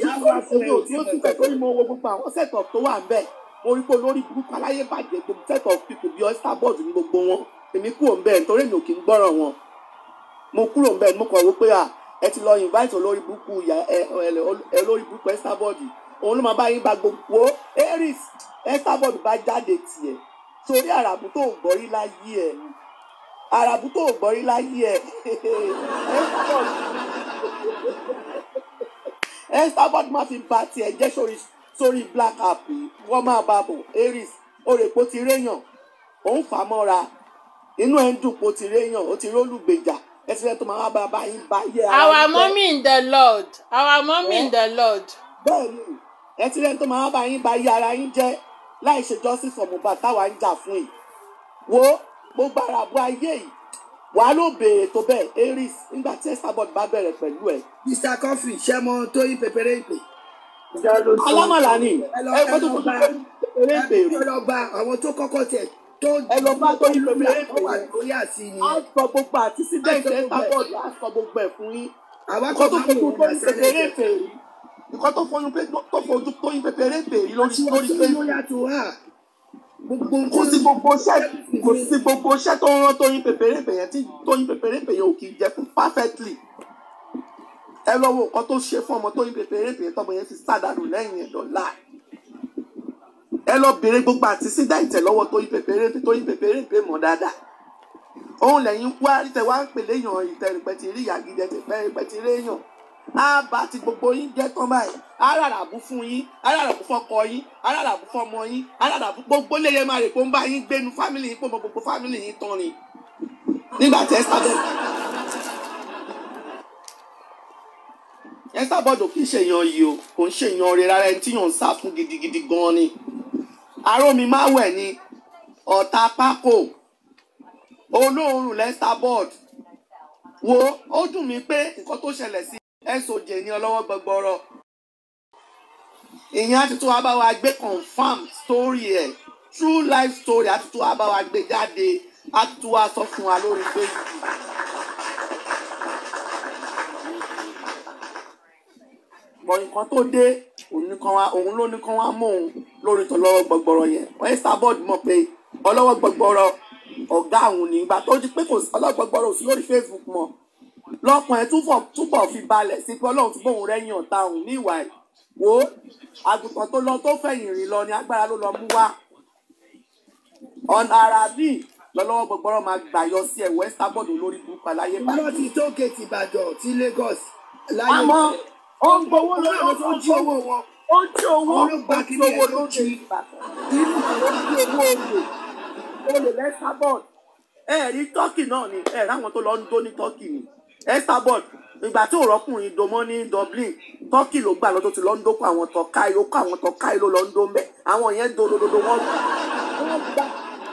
dúró èmi ò dúró tún pẹ̀lú ìmọ̀ owó gbogbo àwọn sẹ́tọ̀ tó wà ń bẹ̀ mo rí pé olórí burúkú aláyé bàjẹ́ gbogbo sẹ́tọ̀ pípò bí ẹ́sítábọ́ọ̀dù ẹ ti lọ invite olórí burúkú ìyá ẹ lórí burúkú Estabod òun ló máa bá yín gba gbogbo aries Estabod bá jáde tiẹ̀ torí àràbù tó gbọ́rí láyé ẹ̀ àràbù tó gbọ́rí láyé Esther Estabod máa fi ba tiẹ̀ jẹ́ sórí sórí black app wọ́n máa bá bọ̀ aries orèpo ti réyàn òun fà mọ́ra inú ẹ̀ ń dùn po ti réyàn ó ti rólùgbèjà ẹsẹ̀ tó máa bá bá yín ara jẹ́. our mommy in the lord our mommy in eh? the lord. bẹ́ẹ̀ni ẹsẹ̀ tó máa bá yín bá yẹ ara yín jẹ́ láì ṣe justice for Mohbad táwa ń jà fún yìí wo gbogbo àràbọ ayé yìí wàá ló béèrè tó bẹ́ẹ̀ aries nígbà tí Esabod bá bẹ̀rẹ̀ pẹ̀lú ẹ̀. mr coffee ṣé mo tó yín pépéré ìpè. alámọ̀lá ni ẹ gbọ́dọ̀ tó ẹ lọ gba àwọn tó kọ́kọ́ tẹ̀ ẹ lọ bá tó ìlú mi ó wà lórí àti ìyẹn. a sọ gbogbo àti sídẹ̀ǹtì ẹ̀ta bọ́ọ̀dù a sọ gbogbo ẹ̀ fún yín. àwa kọ́ tó fojú tó ń pèpèrè fèrè. ìkọ́ tó fojú tó fojú tó ń pèpèrè fèrè lórí lórí fẹ́. kò sí gbogbo iṣẹ́ kò sí gbogbo iṣẹ́ tó ń rán tó ń pèpèrè fèrè tí tó ń pèpèrè fèrè ò kì í jẹ fún perfectly. ẹ lọ wo nǹkan tó ṣe fún ọmọ tó ń pèpèrè fèrè tọmọ yẹn fi sádàrú lẹ́yìn ẹ̀dọ̀ láì ẹ lọ bèrè gbogbo àti sídá ìtẹ̀lọ́wọ́ Tóyìn Pèpèrè Tóyìn Pèpèrè ń pè mọ́ dáadáa òun lẹ́yìn wá tẹ̀ wá ń pèlè yàn ìtẹ̀rìpẹ̀ ti rí ìyàgídẹ tẹ̀pẹ̀ ti rí èèyàn á bá ti gbogbo yín jẹ́ tán báyìí aráràbù fún yín aráràbù fọkọ yín aráràbù fọmọ yín aráràbù gbogbo lè yẹ máa rè kó ń bá yín gbénu fámìlì yín pọ̀ mọ́ gbogbo fámìlì yín tán ni nígbà tí ẹ sábẹ́ ẹ sábọ̀dọ̀ kì í ṣèyàn yìí o kò ń ṣèyàn rẹ rárá ẹni tí yàn sá fún gidigidi gan ni arómi máwẹ̀ ni ọ̀tá pákó olóòórùn lester board wo ó dùn mí pé nǹkan tó ṣẹlẹ̀ sí soj ní ọlọ́wọ́ gbọgbọrọ ìyẹn àtúntò wa bá wa gbé confam story ẹ̀ true life story àtúntò wa bá wa gbé jáde àtúntò wa sọ fún wa lórí facebook. bọ̀ nǹkan tó dé òun ló ní kán wá mú òun lórí tó lọ́wọ́ gbọgbọrọ yẹn wọ́n yẹn starboard mọ̀ pé ọlọ́wọ́ gbọgbọrọ ọ̀gá àwọn nígbà tó di pé kò sí ọlọ́wọ́ gbọgbọrọ òsì lórí Facebook mọ́ lọ́kàn ẹ̀ túbọ̀ fi balẹ̀ sí pé ọlọ́run ti bóun rẹ́yìn ọ̀tá òun ní ìwà ẹ̀ wò ó àgùntàn tó lọ tó fẹ̀yìn rìn lọ ni agbára ló lọ mú wá ọ̀nà ara bíi lọ́lọ́wọ́ gbọgbọrọ máa gbà yọ sí ẹ̀ west abọ́dọ̀ lórí burúkú aláyé báyìí. lọ́ọ̀tì tó kéètì ìbàdàn ti Lagos láyé. àmọ́ ó ń gbowó lórí àwọn tó ń jí owó wọn ó ń jí owó ó ń jí owó lóde irú ló ń jí owó olè olè lẹ́sàbọ̀d ẹ rí tọ́kì náà ni ẹ ráwọn tó lọ ń dó ní tọ́kì ni lẹ́sàbọ̀d ìgbà tí òrọ́kùnrin domọ́ ní Dublin tọ́kì ló gbà lọ́dọ̀ tí lọ́ ń dókò àwọn tọ́káì ó kó àwọn tọ́káì ló lọ ń dó mbẹ́ àwọn yẹn dododo wọ́n gbà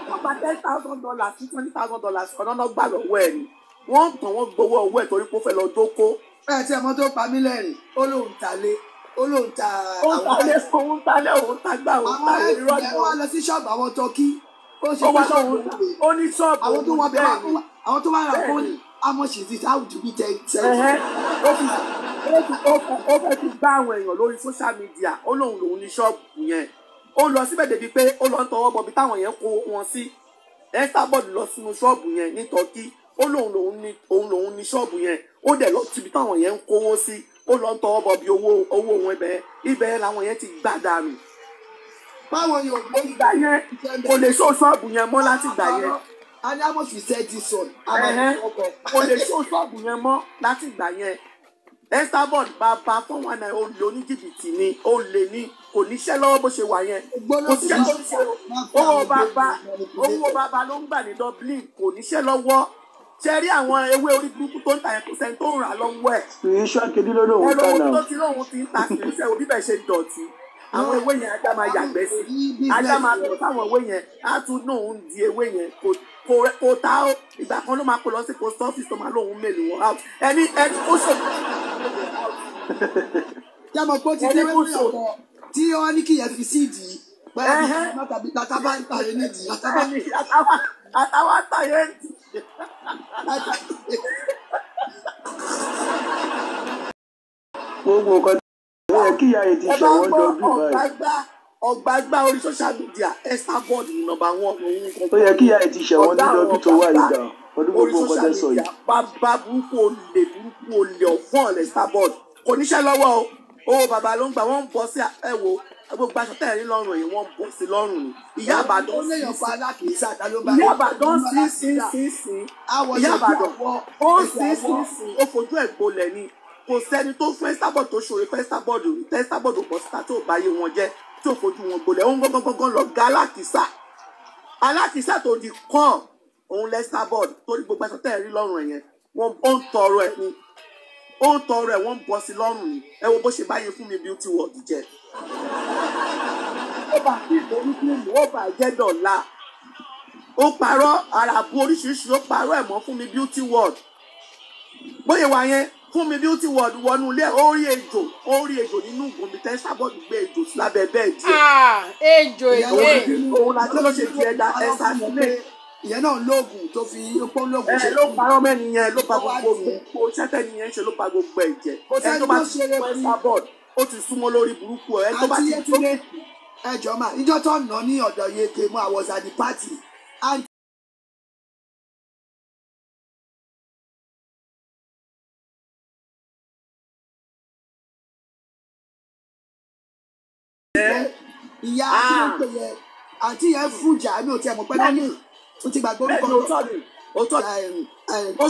wọ́n gba ten thousand dollars twenty thousand dollars kan náà gbà lọ́wọ́ ẹ̀ ni wọ́n tàn wọ́n gbowó ọwọ́ ẹ̀ torí pé ó fẹ́ lọ dóko ẹ tí ọmọ tó pa mí lẹ́rìn ó lóun ta lé ó lóun ta àwọn ọ̀rẹ́ òun ta lé òun ta gbà òun ta lé irọ́ ni wọn. àwọn lọ sí ṣọ́ọ̀bù àwọn tọ́kí ó ṣe fún ṣọ́ọ̀bù ó ní ṣọ́ọ̀bù àwọn tó wọn bẹ àwọn tó wọn ra fóònù amọ̀ṣì ti sáà jù bí tẹ́tẹ́. ó fẹ́ fi gbá àwọn èèyàn lórí social media ó lóun lòun ní ṣọ́ọ̀bù yẹn ó lọ síbẹ̀ débi pé ó lọ ń tọwọ́ bọbi táwọn yẹn kó wọn sí ẹ́sà bọ́ọ̀dù lọ sínú ṣọ́ọ̀bù yẹn ní tọ́kí ó lóun lòun ní òun lòun ní ṣọ́ọ̀bù yẹn ó dẹ̀ lọ síbi táwọn yẹn ń kówó sí ó lọ ń tọwọ́ bọ bí owó owó wọn ibẹ̀ ibẹ̀ làwọn yẹn ti gbá dànù. báwo ni òun ló ń gbà yẹn kò lè ṣó ṣọ́ọ̀bù yẹn mọ́ láti gbà yẹn. adamos fi sẹ́ ti sọ̀n. kò lè ṣó ṣọ́ọ̀bù yẹn mọ́ láti gbà yẹn. Esabod bàbá fọwọn náà ó lè oníjìbìtì ni ó lè ní kò níṣẹ́ lọ́wọ́ bó ṣe wà yẹn kò síṣẹ́ tó ń ṣe owó bàbá owó bàbá ló ń gbà ní Dublin kò níṣẹ́ lọ́wọ́ ṣe rí àwọn ewé orí burúkú tó ń ta yẹn kò sẹ́ni tó ń rà lọ́wọ́ ẹ̀. spiritual kìdí ló lóun kan náà. ẹ̀rọ tó ti lóun ti ń ta sí iṣẹ́ òbí bẹ́ẹ̀ ṣe dọ̀tí àwọn ewé yẹn ajá máa yàgbẹ́ sí ajá máa lọ sáwọn ewé yẹn á tún náà ń di ewé yẹn kò tá ó ìgbà kan ló máa kó lọ sí post office tó máa lóun mèlè wọn out ẹni ẹni ó ṣòfò. jámọ̀ pé ó ti dé wẹ́wẹ́ ọ̀tọ̀ tí wọ́n ní kí yẹn fi síìdì pẹ́ẹ́lí látàbí látàbá ń tàyè nídìí látàbá àtàwọn àtàyè ń tì. gbogbo nǹkan tí wọ́n yẹ kí ìyá yẹn ti ṣe wọ́n jọ bí báyìí. ọ̀gbàgbà orí social media extra board ní nọ́mbà wọn òun kan. ó yẹ kí ìyá yẹn ti ṣe wọ́n níjọ́ bí tó wà yìí dà ọdún gbogbo nǹkan tẹ́ sọ yìí. bàbá burúkú olè burúkú olè ọ̀fọ́n ọ̀lẹ̀ starboard kò níṣẹ́ lọ́wọ́ o owó bàbá ló ń gbà wọ́n ń bọ́ sí ẹ̀wọ̀ gbogbo aṣọ tẹ̀lé lọ́rùn yìí wọ́n bọ́ sí lọ́rùn ni ìyá àbàdàn sí ìyá àbàdàn sí sí sí sí ìyá àbàdàn ó sí sí sí ó fojú ẹ̀ gbolẹ̀ ni kò sẹ́ni tó fún ẹ́sítábọ̀d tó ṣòro fún ẹ́sítábọ̀d tẹ́ ẹ́sítábọ̀d bọ̀ síta tó bá yé wọn jẹ́ tí ò wọn gbolẹ̀ ó ń gángan lọ ga alákìsà alákìsà tó di kàn òun lẹ́sítábọ̀d torí gbogbo aṣọ tẹ̀lé ó bá kí ìbomi kí ìlú ó bá jẹ́ dọ̀la ó parọ́ àràbù oríṣiríṣi ó parọ́ ẹ̀mọ́ fún mi beauty world bóyá wà yẹn fún mi beauty world wọnú ilé ó rí ejò ó rí ejò nínú ìgbòmí tẹ sábọọdù gbé ejò lábẹ́ bẹ́ẹ̀ díẹ̀. ejò èlé òun la tó ṣe ti ẹja ẹsà sílé. ìyẹn náà lóògùn tó fi pọ́n lóògùn ṣe. ẹ ló parọ́ mẹ́ni yẹn ló pa gbogbo gbogbo sẹ́tẹ̀ nìyẹn ṣe ló pa gbogbo ẹ̀jẹ̀ ẹ tó bá ti pẹ́ sábọọdù ó ti súnmọ́ lórí burúkú ẹ̀ tó bá ti túnde ẹjọ́ máa níjọ́ tó ń ná ní ọ̀dọ̀ yeke mú àwọ̀sà ní pátì ìyá àti ìpè yẹn àti ìyẹn fújà mi ò tiẹ̀ mọ̀ pẹ́ lọ́nà ó ti gbàgbọ́ orúkọ náà ó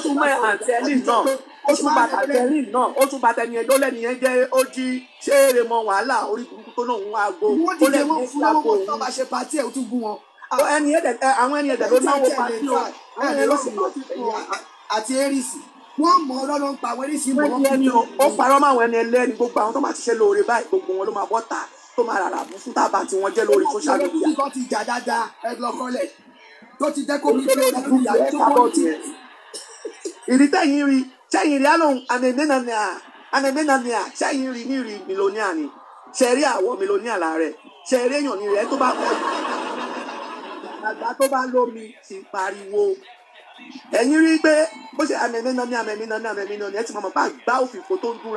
tún mọ um, àǹtí náà ó tún bá tàbí náà ó tún bá tẹni ẹjọ́ lẹ́ni yẹn ó jí ṣéèrè mọ wàhálà orí burúkú tó náà ń wá aago ó lẹ́ni yẹn fún aago òun. wọ́n ṣe pàtí ẹ̀ ó tún gún wọn. Ah, ẹni ẹ̀dẹ̀ àwọn ẹni ẹ̀dẹ̀ ló náwó pàtí o àwọn ẹni ló sì lọ àti erisi wọ́n mọ ọlọ́run pa àwọn erisi mọ́ ọ́n. ó parọ́ mọ́ àwọn ẹni ẹlẹ́ni gbogbo àwọn tó máa ti ṣe lóore báyìí gbogbo wọn ló máa bọ́ tó ti jẹ́ kó mi fi ọ̀rọ̀ lórí àjọpọ̀ tí. ìdí tẹ̀yìn rí tẹ̀yìn rí àlọ́ ànẹ̀nẹ́nàníà ànẹ̀nẹ́nàníà tẹ̀yìn rí ní rí mílíọ̀nìà ni ṣẹ̀rí àwọ̀ mílíọ̀nìà láàrẹ̀ ṣẹ̀rí èèyàn ni rẹ̀ tó bá kọ́ àgbà tó bá lómi ti pariwo ẹ̀yin rí pé bó ṣe àmẹ̀mí náà ní àmẹ̀mí náà ní àmẹ̀mí náà ní ti mọ̀ mọ̀ bá gbá òfìfo tó ń dún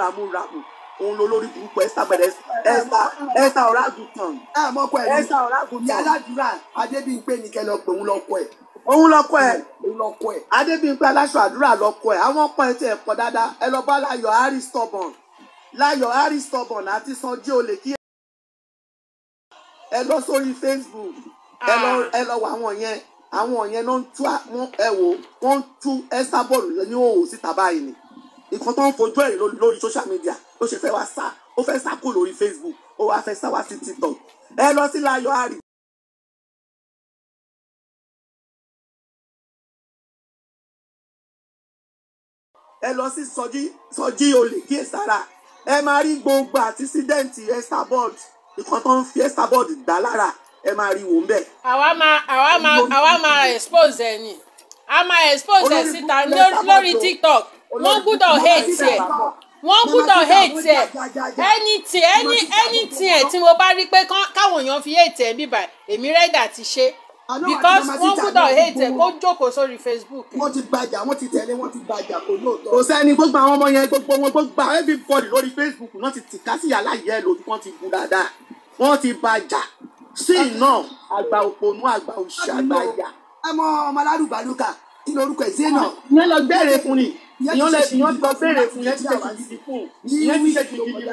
òun ló lórí burúkú ẹsà gbẹdẹ ẹsà ẹsà ọ̀làdùtàn ẹsà ọ̀làdùtàn yàrá adébíyìnpé ni kẹlẹ ọpẹ òun lọkọ ẹ òun lọkọ ẹ òun lọkọ ẹ adébíyìnpé aláṣọ àdúrà lọkọ ẹ àwọn ọkọ ẹ ti ẹ pọ dáadáa ẹ lọ bá láyọ̀ harry stubborn láyọ̀ harry stubborn àti sanji olè kí ẹ lọ sórí facebook ẹ lọ ah. ẹ lọ wọ àwọn yẹn àwọn yẹn ló ń tú ẹ wò wọ́n ń tú ni nǹkan tó ń fojú ẹ̀rí social media ó ṣe fẹ́ wá sá ó fẹ́ sá kú lórí Facebook ó wá fẹ́ sá wá sí TikTok ẹ lọ sí Láyọ̀ Àrì. ẹ lọ sí sọjí sọjí olè kíyèsára ẹ máa rí gbogbo àtisídẹ́ǹtì Esther Board nǹkan tó ń fi Esther Board dá lára ẹ máa rí wò ń bẹ̀. àwa máa àwa máa àwa máa expose ẹ ni a máa expose ẹ síta lórí TikTok wọ́n gbọ́dọ̀ hate ẹ wọ́n gbúdọ̀ hate ẹ̀ anything any anything ẹ̀ tí mo bá rí pé káwọn èèyàn fi hate ẹ̀ bíbà èmi rẹ́dà ti ṣe because wọ́n gbúdọ̀ hate ẹ̀ kó jókòó sórí facebook. wọ́n ti gbàjà wọ́n ti tẹ̀lé wọ́n ti gbàjà kò lóòótọ́. kò sẹ́ni gbogbo àwọn ọmọ yẹn gbogbo wọn gbogbo everybody lórí facebook náà ti tìka sí yàrá yẹn lòdì wọ́n ti gùn dáadáa wọ́n ti bàjà sí iná àgbà òpònú àgbà òṣì àgbà ìyà. ẹ mọ ọmọ alárùbáríkà kí lorúkọ ẹ ìyọ́n lẹ ìyọ́n lọ bẹ̀rẹ̀ fún yẹn ti tẹ̀ gidi fún yẹn ti tẹ̀ gidi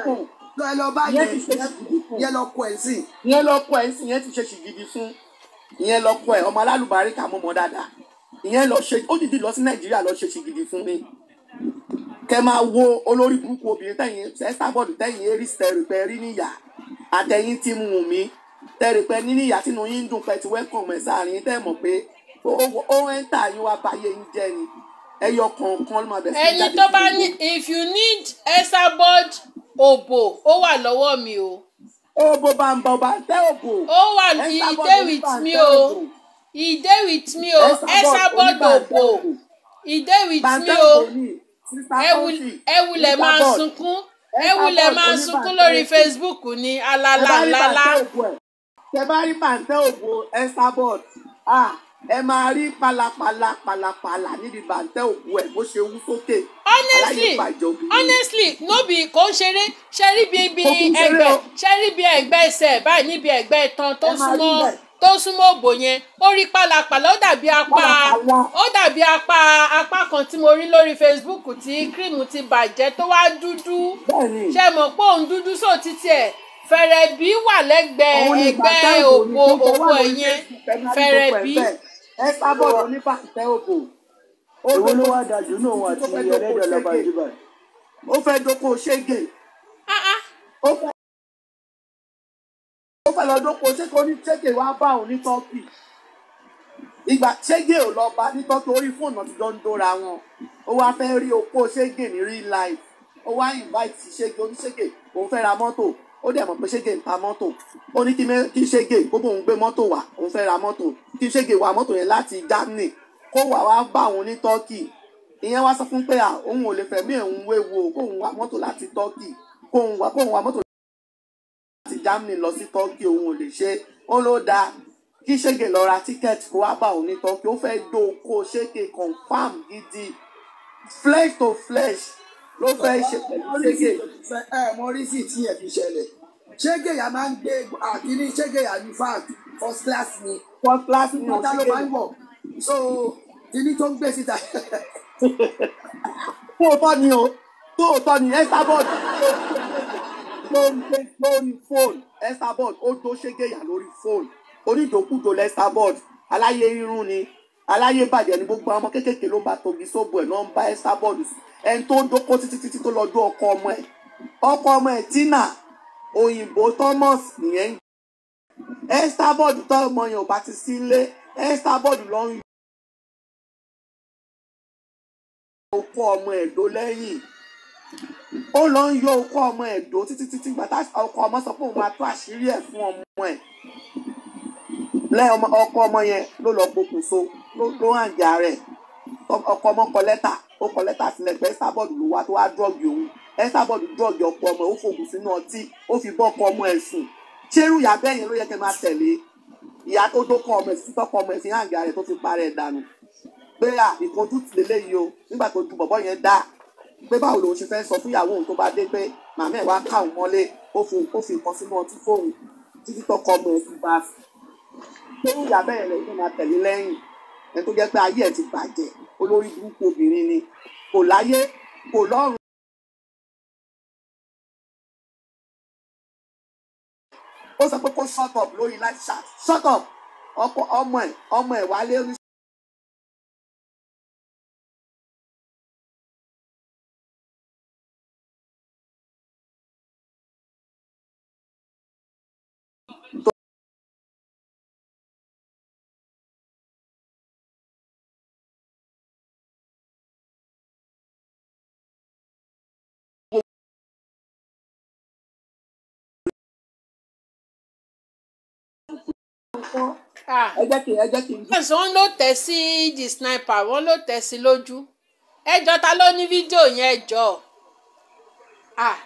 fún yẹn lọ bá yẹn yẹn lọ kọ ẹ̀ sí. yẹn lọ kọ ẹ̀ sí yẹn ti ṣe sì gidi fún ìyẹn lọ kọ ẹ̀ ọmọ alálùbárí kà mọ́ mọ́ dáadáa ìyẹn lọ ṣe ó dìdí lọ sí nàìjíríà lọ ṣe sì gidi fún mi kẹ máa wo olórí burúkú obìnrin tẹ̀yìn ẹ́sítàbọ̀dù tẹ̀yìn eris tẹ̀rìpẹ́ rí níyà àtẹ̀yìn tí mu mi tẹ̀rìpẹ́ níníyà tínú yín dùn pẹ̀ tí wẹ́kọ̀mù ẹ̀ sáàrin tẹ̀ mọ̀ pé ó ń tà yín wá báyé ń jẹ́ ni ẹyọ kọ̀ọ̀kan ló máa bẹ̀rẹ̀ sí jáde. ẹni tó bá ní if you need extra board òbò ó wà lọ́wọ́ mi o. òbò bàǹbà òbà ń tẹ́ òbò. ó wà ìdè with me o he ìdè with me o extra board he ìdè with me o ẹ wulẹ̀ máa sunkún ẹ wulẹ̀ máa sunkún lórí Facebook ní alalalala. tẹ bá rí bàǹtẹ́ òbò extra board ah ẹ máa rí palapala palapala níbi bàǹtẹ́ òkú ẹ̀ bó ṣe wú sókè. honestly honestly no be kò ń ṣeré ṣe rí bí ibi ẹgbẹ́ ṣe rí bí ẹgbẹ́ ẹsẹ̀ báyìí níbi ẹgbẹ́ itan tó súnmọ́ tó súnmọ́ òbò yẹn ó rí palapala ó dàbí apá ó dàbí apá apá kan tí mo rí lórí Facebook tí kírìmù ti bàjẹ́ tó wá dúdú ṣe mọ̀ pé òun dúdú sóò títí ẹ̀ fẹ̀rẹ̀bí wà lẹ́gbẹ̀ẹ́ ẹgbẹ́ òpó òpó ẹ̀yẹn fẹ̀rẹ̀bí ẹ sábọ̀ tó ní pàṣẹ òbò. owó ló wá dájú náà wọn àti ẹlẹ́dọ̀ lọ́ba ìjọba. ó fẹ́ dóko ṣége. Ah, ah. ó fẹ́ lọ dóko ṣége ó ní ṣége wá bá òun ní tọ́pì. ìgbà ṣége ò lọ bá ní tọ́pì orí fóònù ti jọ ń dóra wọn. ó wá fẹ́ rí opó ṣége ní real life. ó wá invite ṣége oníṣége òun fẹ́ ra mọ́tò ó dẹ̀ mọ̀ pé ṣége ń ta mọ́tò ó ní kí ṣége gbogbo òun gbé mọ́tò wá òun fẹ́ ra mọ́tò kí ṣége wá mọ́tò yẹn láti Germany kó wà wá bá òun ní Turkey ìyẹn wá sọ fún pé òun ò lè fẹ̀mí òun wéwu o kóun wá mọ́tò láti Turkey kóun wá kóun wá mọ́tò láti Germany lọ sí Turkey òun ò lè ṣe ó ló dáa kí ṣége lọ ra tíkẹ́ẹ̀tì kó wá bá òun ní Turkey ó fẹ́ dóko ṣége confam gidi flesh to flesh ló fẹ́ ṣe pẹ̀lú ṣége ẹ mọ oríṣi tí yẹn fi ṣẹlẹ̀ ṣége yà máa ń gbé àkíní ṣége yà ní fag first class ni first class ni ọ̀tá ló máa ń wọ̀ so kíní tó ń gbé síta. tó o tọ́ ni o tó o tọ́ ni Esabod tó ń gbé lórí fóònù Esabod ó tó ṣége yà lórí fóònù onídòókùdò l'Esabod aláyé irun ni aláyé bàjẹ́ ni gbogbo àwọn ọmọ kéékèèké ló bá togi sóbò ẹ̀ náà ń bá Esabod sùn ẹni tó ń dóko títí títí tó lọ dó ọkọ ọmọ ẹ̀ ọkọ ọmọ ẹ̀ tina òyìnbó thomas nìyẹn ń gbé esther board tó ọmọ yẹn ò bá ti sílé esther board lọ ń yọ okó ọmọ ẹ̀dọ́ lẹ́yìn ó lọ ń yọ okó ọmọ ẹ̀dọ́ títí títí gbàtà ọkọ ọmọ sọ pé òun máa tó àṣírí ẹ̀ fún ọmọ ẹ̀ lẹ́yìn ọkọ ọmọ yẹn ló lọ pokùnso ló hàn jà rẹ̀ ọkọ ọmọ kọ lẹ́tà ó kọ lẹ́tà sílẹ̀ pé Esabod ló wá tó wá dọ́ọ̀gì òun Esabod dọ́ọ̀gì ọ̀pọ̀ ọmọ ó fògùn sínú ọtí ó fi bọ́ ọkọ ọmọ ẹ̀ sùn ṣérú ìyá bẹ́ẹ̀ yẹn ló yẹ kẹ́ máa tẹ̀lé ìyá tó dókọ ọmọ ẹ̀ sí tọ́kọ ọmọ ẹ̀ sí hàǹgà rẹ̀ tó fi parẹ́ dànù pé à ìkojú tìlélẹ́ yìí o nígbà tó ju bọ̀bọ́ yẹn dá pé báwo lòun ṣe fẹ́ sọ fún ìyàwó òun tó bá dé pé màmá ẹ̀ wá ká òun mọ́lé ó fi nǹkan sínú ọtí fóun títí tọ́kọ ọmọ ẹ̀ fi bá a sùn ṣérú ìyá bẹ́ẹ̀ yẹn ló máa tẹ̀lé lẹ́yìn ẹ tó jẹ́ pé ayé ẹ̀ ti bàjẹ́ olórí burúkú obìnrin ni kò láyé kò lọ́rùn. ó sọ pé kó shut up lórí live chat shut up ọmọ ẹ̀ ọmọ ẹ̀ wálé Ah. ẹ jẹ́ kí ẹ jẹ́ kí n. ẹ̀sùn wọn ló tẹ̀ sí the sniper wọn ló tẹ̀ sí lójú ẹjọ́ ta ló ní fídíò yẹn jọ ah,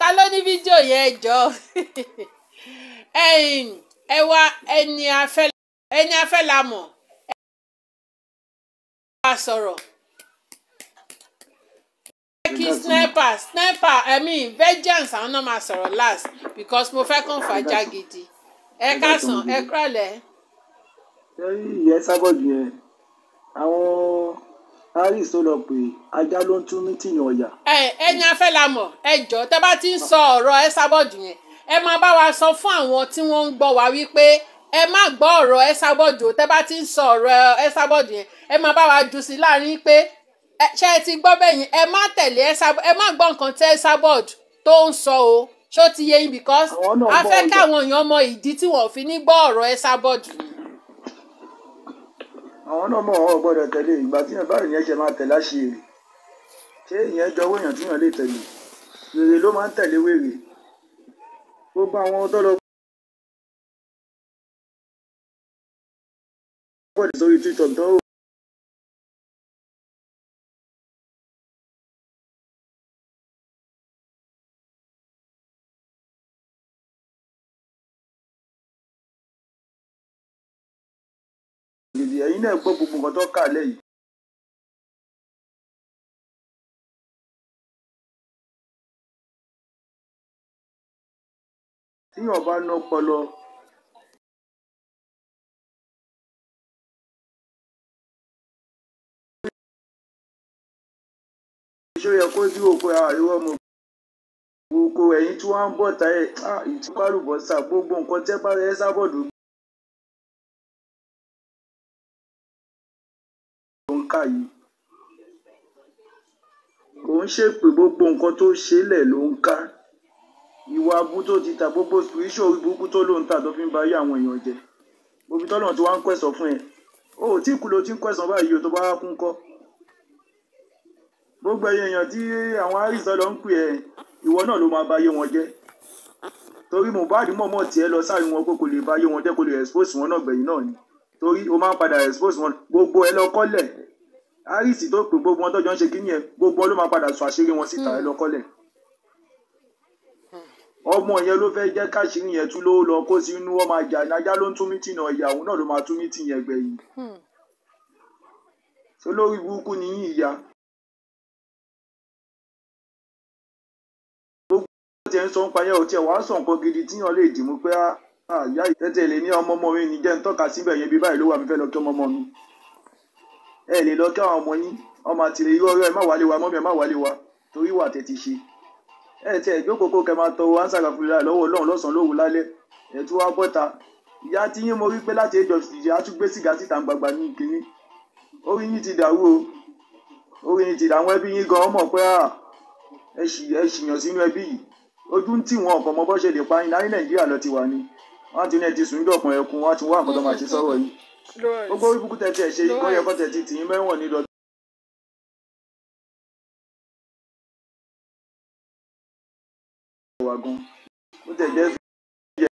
ta ló ní fídíò yẹn jọ ẹ wá ẹni afẹ́ ẹni afẹ́ la mọ̀ ẹ wá sọ̀rọ̀ kí sniper sniper i mean vengeance àwọn náà máa sọ̀rọ̀ last because mo fẹ́ kàn fàájà gidi ẹ káàsán ẹ kúrọ̀lẹ́. sẹ́rí ìyẹn sábọ̀dù yẹn àwọn harris tó lọ pé ajá ló ń tún mítìnì ọ̀yà. ẹ ẹyin afẹ́ la mọ̀ ẹ jọ tẹ bá ti ń sọ ọ̀rọ̀ ẹ sábọ̀dù yẹn ẹ máa bá wa sọ fún àwọn tí wọ́n ń gbọ́ wa wípé ẹ má gbọ́ ọ̀rọ̀ ẹ sábọ̀dù tẹ bá ti ń sọ ọ̀rọ̀ ẹ sábọ̀dù yẹn ẹ máa bá wa jù sí láàrin pé ṣe ti gbọ́ bẹ́yìn ẹ má tẹ̀lé ẹ má gbọ́ nǹkan tẹ́ ẹ sábọ̀dù tó ń sọ o ṣó ti yẹ yín because a fẹ́ káwọn èèyàn mọ ìdí tí wọ́n fi ní gbọ́ ọ̀rọ̀ ẹ sábọ́ọ̀dù. àwọn náà mọ̀ ọ́ gbọ́dọ̀ tẹ̀lé ìgbà tí yẹn báyìí yẹn ṣe máa tẹ̀ láṣìírí ṣé ìyẹn jọ̀wọ́ èèyàn tí yẹn lè tẹ̀lé wèrè ló máa ń tẹ̀lé wèrè gbogbo àwọn tó lọ. sórí twitter tó ẹ̀yin náà gbọ́ gbogbo nǹkan tó kà lẹ́yìn. tíyàn bá ná ọpọlọ ṣó yẹ kó dí òkú àríwá ọmọ gbogbo ẹ̀yin tí wọ́n ń bọ̀ táyẹ̀ ìtúpárùbọ̀sà gbogbo nǹkan tẹ́ bá rẹ sábọ̀dù kà yìí kò ń ṣèpè gbogbo nǹkan tó ṣẹlẹ̀ ló ń ká ìwà abú tó ti ta gbogbo spiritual burúkú tó ló ń tà tó fi ń ba ayé àwọn èèyàn jẹ òbí tọ́lọ̀ tí wọ́n ń kwẹ̀sán fún ẹ o ò tí kú ló ti ń kwẹ̀sán báyìí o tó bá wá kún kọ́ gbogbo ẹyẹ èèyàn tí àwọn àrísọ lọ ń pè ẹ ìwọ náà ló máa ba ayé wọn jẹ torí Mohbad mọ̀mọ́ tiẹ̀ lọ sáré wọn kó kò lè ba ayé wọn jẹ́ kó lè expose wọn náà gbẹ̀yìn náà ni torí o máa ń padà expose wọn gbogbo ẹ lọ kọ́lẹ̀ harris tó pè gbogbo wọn tó jọ ń ṣe kí nìyẹn gbogbo ló máa padà sọ àṣírí wọn síta ẹ lọ kọ́lẹ̀ ọmọ yẹn ló fẹ́ jẹ́ káṣírí yẹn tú ló lọ kó sínú ọmọ ajá ajá ló ń tún mítì náà ìyá òun náà ló máa tún mítì yẹn gbẹ̀yìn olórí hmm. burúkú ni yín ìyá. gbogbo tiẹ̀ ń sọ ń payẹ́ òtí ẹ̀ wàá sọ nǹkan gidi tíyàn lè dìmú pé àyà ìtẹ́tẹ̀ lè ní ọmọ ọmọ mi ní ń tọ́ka síbẹ̀ yẹn bí báyìí ló wà mí fẹ́ lọ kí ọmọ ọmọ mi ẹ lè lọ káwọn ọmọ yín ọmọ àti irú ọ̀rọ̀ ẹ má wálé wa mọ́mí ẹ má wálé wa torí wà tètè ṣe ẹ tẹ ìjókòó kó kẹ máa tọrọ ansara fúnra lọ́wọ́ Ọlọ́run lọ́sànán lóru lálẹ́ ẹ tún wá bọta ìyá tí yín mo rí pé láti age of sixty a tún gbé sìgá síta gbàgbà ní kínní orí yín ti dàrú o orí yín ti dàrú àwọn ẹbí yín gan ọmọ pé à ah, ẹ ṣìyàn sínú ẹbí yìí ojú ń tì wọn ọkọ ọmọ bọ́ ṣe lè pa yín láyé Nàìjíríà lọ ti wà ní wọn á ti ní ẹ ti sùn ní dọ̀kan ẹkún wọn á ti wá àkọ́dọ́ máa ṣe sọ́rọ̀ yìí gbogbo orí kúkú tẹ̀tí ẹ̀ ṣe yìí kọ́ yẹ kọ́ tẹ̀tí tìyín mẹ́wọ̀n ní lọ́dún. ó tẹ̀ jẹ́ fìyà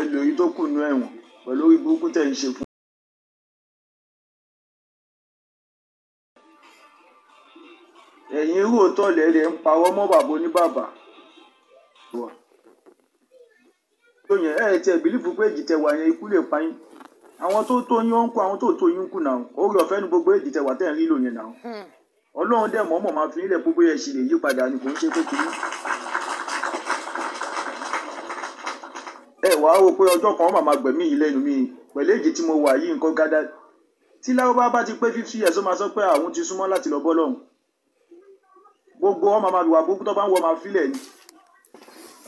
ẹ lòyí tó kù nú ẹ̀wọ̀n pẹ̀lú orí burúkú tẹ̀ ń ṣe fún. ẹ̀yin irú òótọ́ lẹ́rẹ̀ẹ́ ń pawọ́ mọ́ bàbá oníbàbà tó yẹn ẹ ẹ tiẹ̀ bìlífù pé èjì tẹwà yẹn ikú lè pa yín àwọn tó tó yín ó ń kó àwọn tó tó yín ń kú náà orí ọ̀fẹ́ ni gbogbo èjì tẹwà tẹ̀ ń lílò yẹn náà hmm. ọlọ́run dẹ̀ mọ́mọ́ máa fi ilẹ̀ gbogbo yẹn ṣì lè yí padà ni kò ń ṣe pé kiri. ẹ wàá wo pé ọjọ́ kan màmá gbẹ̀mí yìí lẹ́nu mi pẹ̀lú èjì tí mo wà yìí nǹkan gádá tí lárúbá bá ti pé fífi ẹ̀sọ́ máa sọ pé àwọn ti súnmọ́ láti lọ bọ́lọ́hùn gbogbo ọmọ máa wà gbogbo tó bá ń wọ máa filẹ̀ ni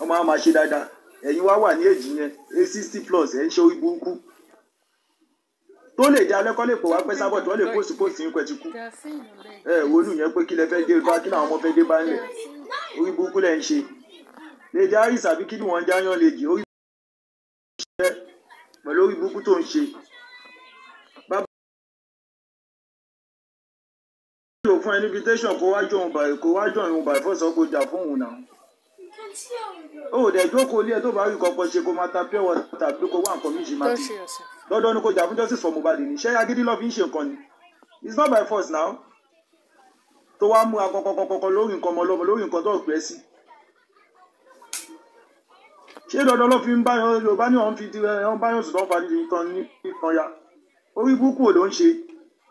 ọmọ máa ṣe dáadáa ẹ̀yin wá wà ní èjì yẹn a sixty plus ẹ̀ ń ṣe orí burúkú tó lè di alẹ́ kọ́ lè pò wá pé sábọ̀ tó lè post post yín pẹ́ ti kú ẹ wọnú yẹn pé kí lẹ fẹ́ dé bá kí làwọn ọmọ fẹ́ dé bá ń lẹ̀ orí burúkú lẹ̀ ń ṣe lè di harris àbí kí ni wọ́n ń jáyàn lè di orí burúkú ṣe pẹ̀lú orí burúkú tó ń ṣe bàbá yóò fún ẹ ní invitation kó wá òun bàrẹ̀ kó wá òun bàrẹ̀ fọ́sọ̀ kó jà fún òun náà ó dẹ̀ jókòó ilé ẹ̀ tó bá rí kọ́kọ́ ṣe kó máa ta pure water tàbí kó wá nǹkan méjì máa fi lọ́dọ̀ ni kò jà fún justice for Mohbad ni ṣé agídí lọ́ọ́ fi ń ṣe nǹkan ni it's not by force now tó wá mú akọkọkọkọ lórí nǹkan ọmọ ọlọ́mọ lórí nǹkan tó gbẹ́ sí ṣé dandan ló fi ń báyọ̀ yorùbá ní ọ̀hún fi di ẹ̀hún eh, báyọ̀ sùn lọ́fà nídìí tán ní ìtàn ya orí búkú ò ló ń ṣe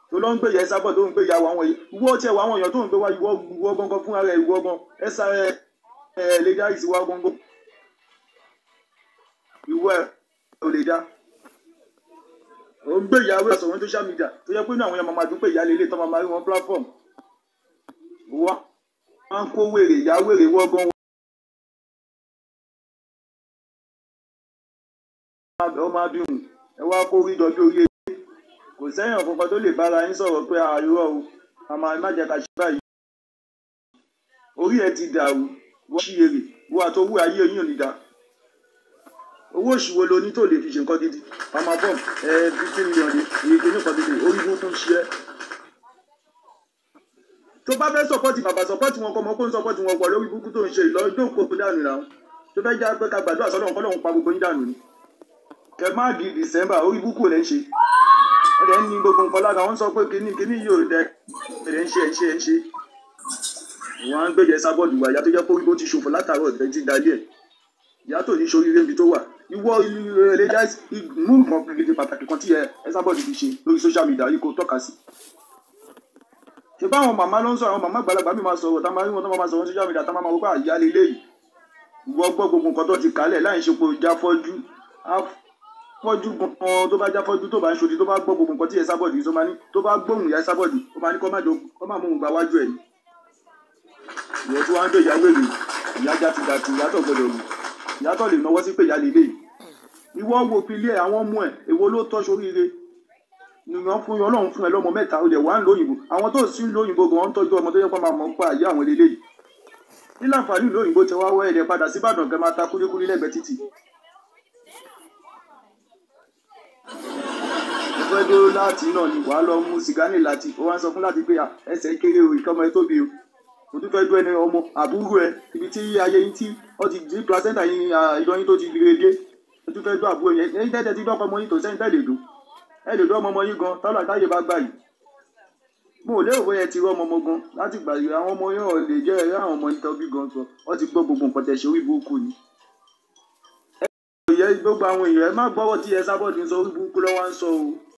tó ló ń gbèyà ẹ sábọ̀ tó ń gbèyà àwọn èèyàn wọ́n tiẹ̀ wọ àwọn èèyàn tó ń gbé wá ìwọ gbọ́ngàn fúnra rẹ̀ ìwọ gan ẹ sára ẹ eh, ẹ lè dá ìsìwá gbọ́ngbọ́n ìwọ ẹ ò lè dá ò ń gbé ìyàwó ẹ̀sọ̀ wọn social media tó yẹ pé inú àwọn èèyàn máa dún pé ìyá lélẹ̀ tó máa máa rí wọn platform wá máa ń kó wèrè ìyá wèrè wọ́gán ọmọ abirùn ẹ wá kó rí dọjú orí ewé kò sẹ́yìn ọ̀kankan tó lè bára yín sọ̀rọ̀ pé àárọ̀ o àmọ́ ẹ má jẹ́ ká ṣe báyìí orí ẹ ti dàrú wọ́n ṣí èrè wo àtọwú ayé yín ò ní da owó òṣìwò lo ní tó lè fi ṣe nǹkan gidi àmọ́ bọ́ọ̀mù ẹ fifteen million ni èyí tó ní nǹkan gidi orí burúkú ṣe é tó bá fẹ́ sọ́pọ́tì bàbá sọ́pọ́tì wọn kọ́ ọmọ kó ń sọ́pọ́tì wọn wọ̀ lórí burúkú tó ń ṣe ìlọrin tó ń kó dànù ìlànà tó fẹ́ já pé ká gbàdúrà sọ́dọ̀ nǹkan lọ́hùn pa gbogbo yín dànù ni kẹ má di December orí burúkú rẹ̀ ń ṣe ẹ̀rẹ̀ ń ní gbogbo nǹkan lára wọn sọ pé kíní kíní yóò dẹ ẹ̀rẹ̀ ń ṣe ẹ̀ ń ṣe ẹ̀ ń ṣe wọn á ń gbẹ̀jẹ̀ sábọ̀dù wa ìyá tó jẹ́ kórìkó ti ṣòfò látàárọ̀ ọ̀tẹ́ jí dalẹ̀ ìyá tó ní ṣoríire ibi tó wà ìwọ ẹlẹ́jà eh, mú nǹkan gidi pàtàkì kan tí ẹ sábọ̀dù fi ṣe lórí social media yìí kò tọ́ka sí. ṣé báwọn màmá ló ń sọ̀rọ̀ àwọn màmá àgbàlagbà mi máa sọ̀rọ̀ táwọn àwọn máa sọ̀rọ̀ social media táwọn máa wọ́pẹ́ àyálé ilé yìí gbọ́ gbogbo nǹkan tó ti kálẹ̀ láì ṣe pé já fọ́jú fọ́jú gan-an tó bá já fọ́jú tó bá ń ṣòdì tó bá gbọ́ gbogbo nǹkan tí ẹ sábọ̀dù yìí tó máa ní tó bá gbóhùn ìyá sábọ̀dù ó máa ní kó má mú òun gba wájú ẹ̀ ni ìyẹn tí wọ́n á dọ̀ ìyá já ìyá jatidàtì ìyá tó gbọdọ̀ lù ìyá tó lè náwó sí pé ìyá lélẹ̀ ìwọ wo pilẹ̀ àwọn ọmọ ẹ̀ èwo ló tọ́ sóríire nìyàn fún ọlọ́run fún ẹ lọ́mọ mẹ́ta ó lẹ̀ wá ń lóyìnbó àwọn tó sì ń lóyìnbó gan ń tọ́jú ọmọ tó yẹ kó máa mọ̀ pa àyè àwọn eléyìí nílànfààní lóyìnbó tẹ wá wọ ẹ̀rẹ̀ padà síbàdàn gan máa ta kúlíkúlí lẹ́gbẹ̀ẹ́ títì fẹ́ dúró láti náà ni wàá lọ mú sìgá ní láti ó wá ń sọ fún láti pé ẹsẹ̀ kéré o ìkọ́mọ ẹ tóbi o o tún fẹ́ dún ẹni ọmọ àbúrò ẹ ibi tí ayé yín tí wọ́n ti dín placenta yín ìrọyìn tó ti rege mo tún fẹ́ dún àbúrò yẹn ẹ̀yin tẹ́tẹ́ ti dọ́pọ̀ ọmọ yín tó sẹ́yìn tẹ́lẹ̀ dùn ẹ̀ lè dún ọmọ ọmọ gan tọ́lá táyé bá gbà yìí mo ò lérò bóyá ẹ ti rọ ọmọ ọmọ gan láti gbà yìí àwọn ọmọ yẹn ò lè jẹ́ ẹ̀rọ àwọn ọmọ ìtọ́ bí gan sọ wọ́n ti gbọ́ gbogbo nǹkan tẹ̀ ṣe orí burúkú ni. ẹ gbogbo àwọn èèyàn ẹ má gbọ́wọ́ tí ẹ sábọ̀dì ń sọ orí burúkú lọ́wọ́ ń sọ o.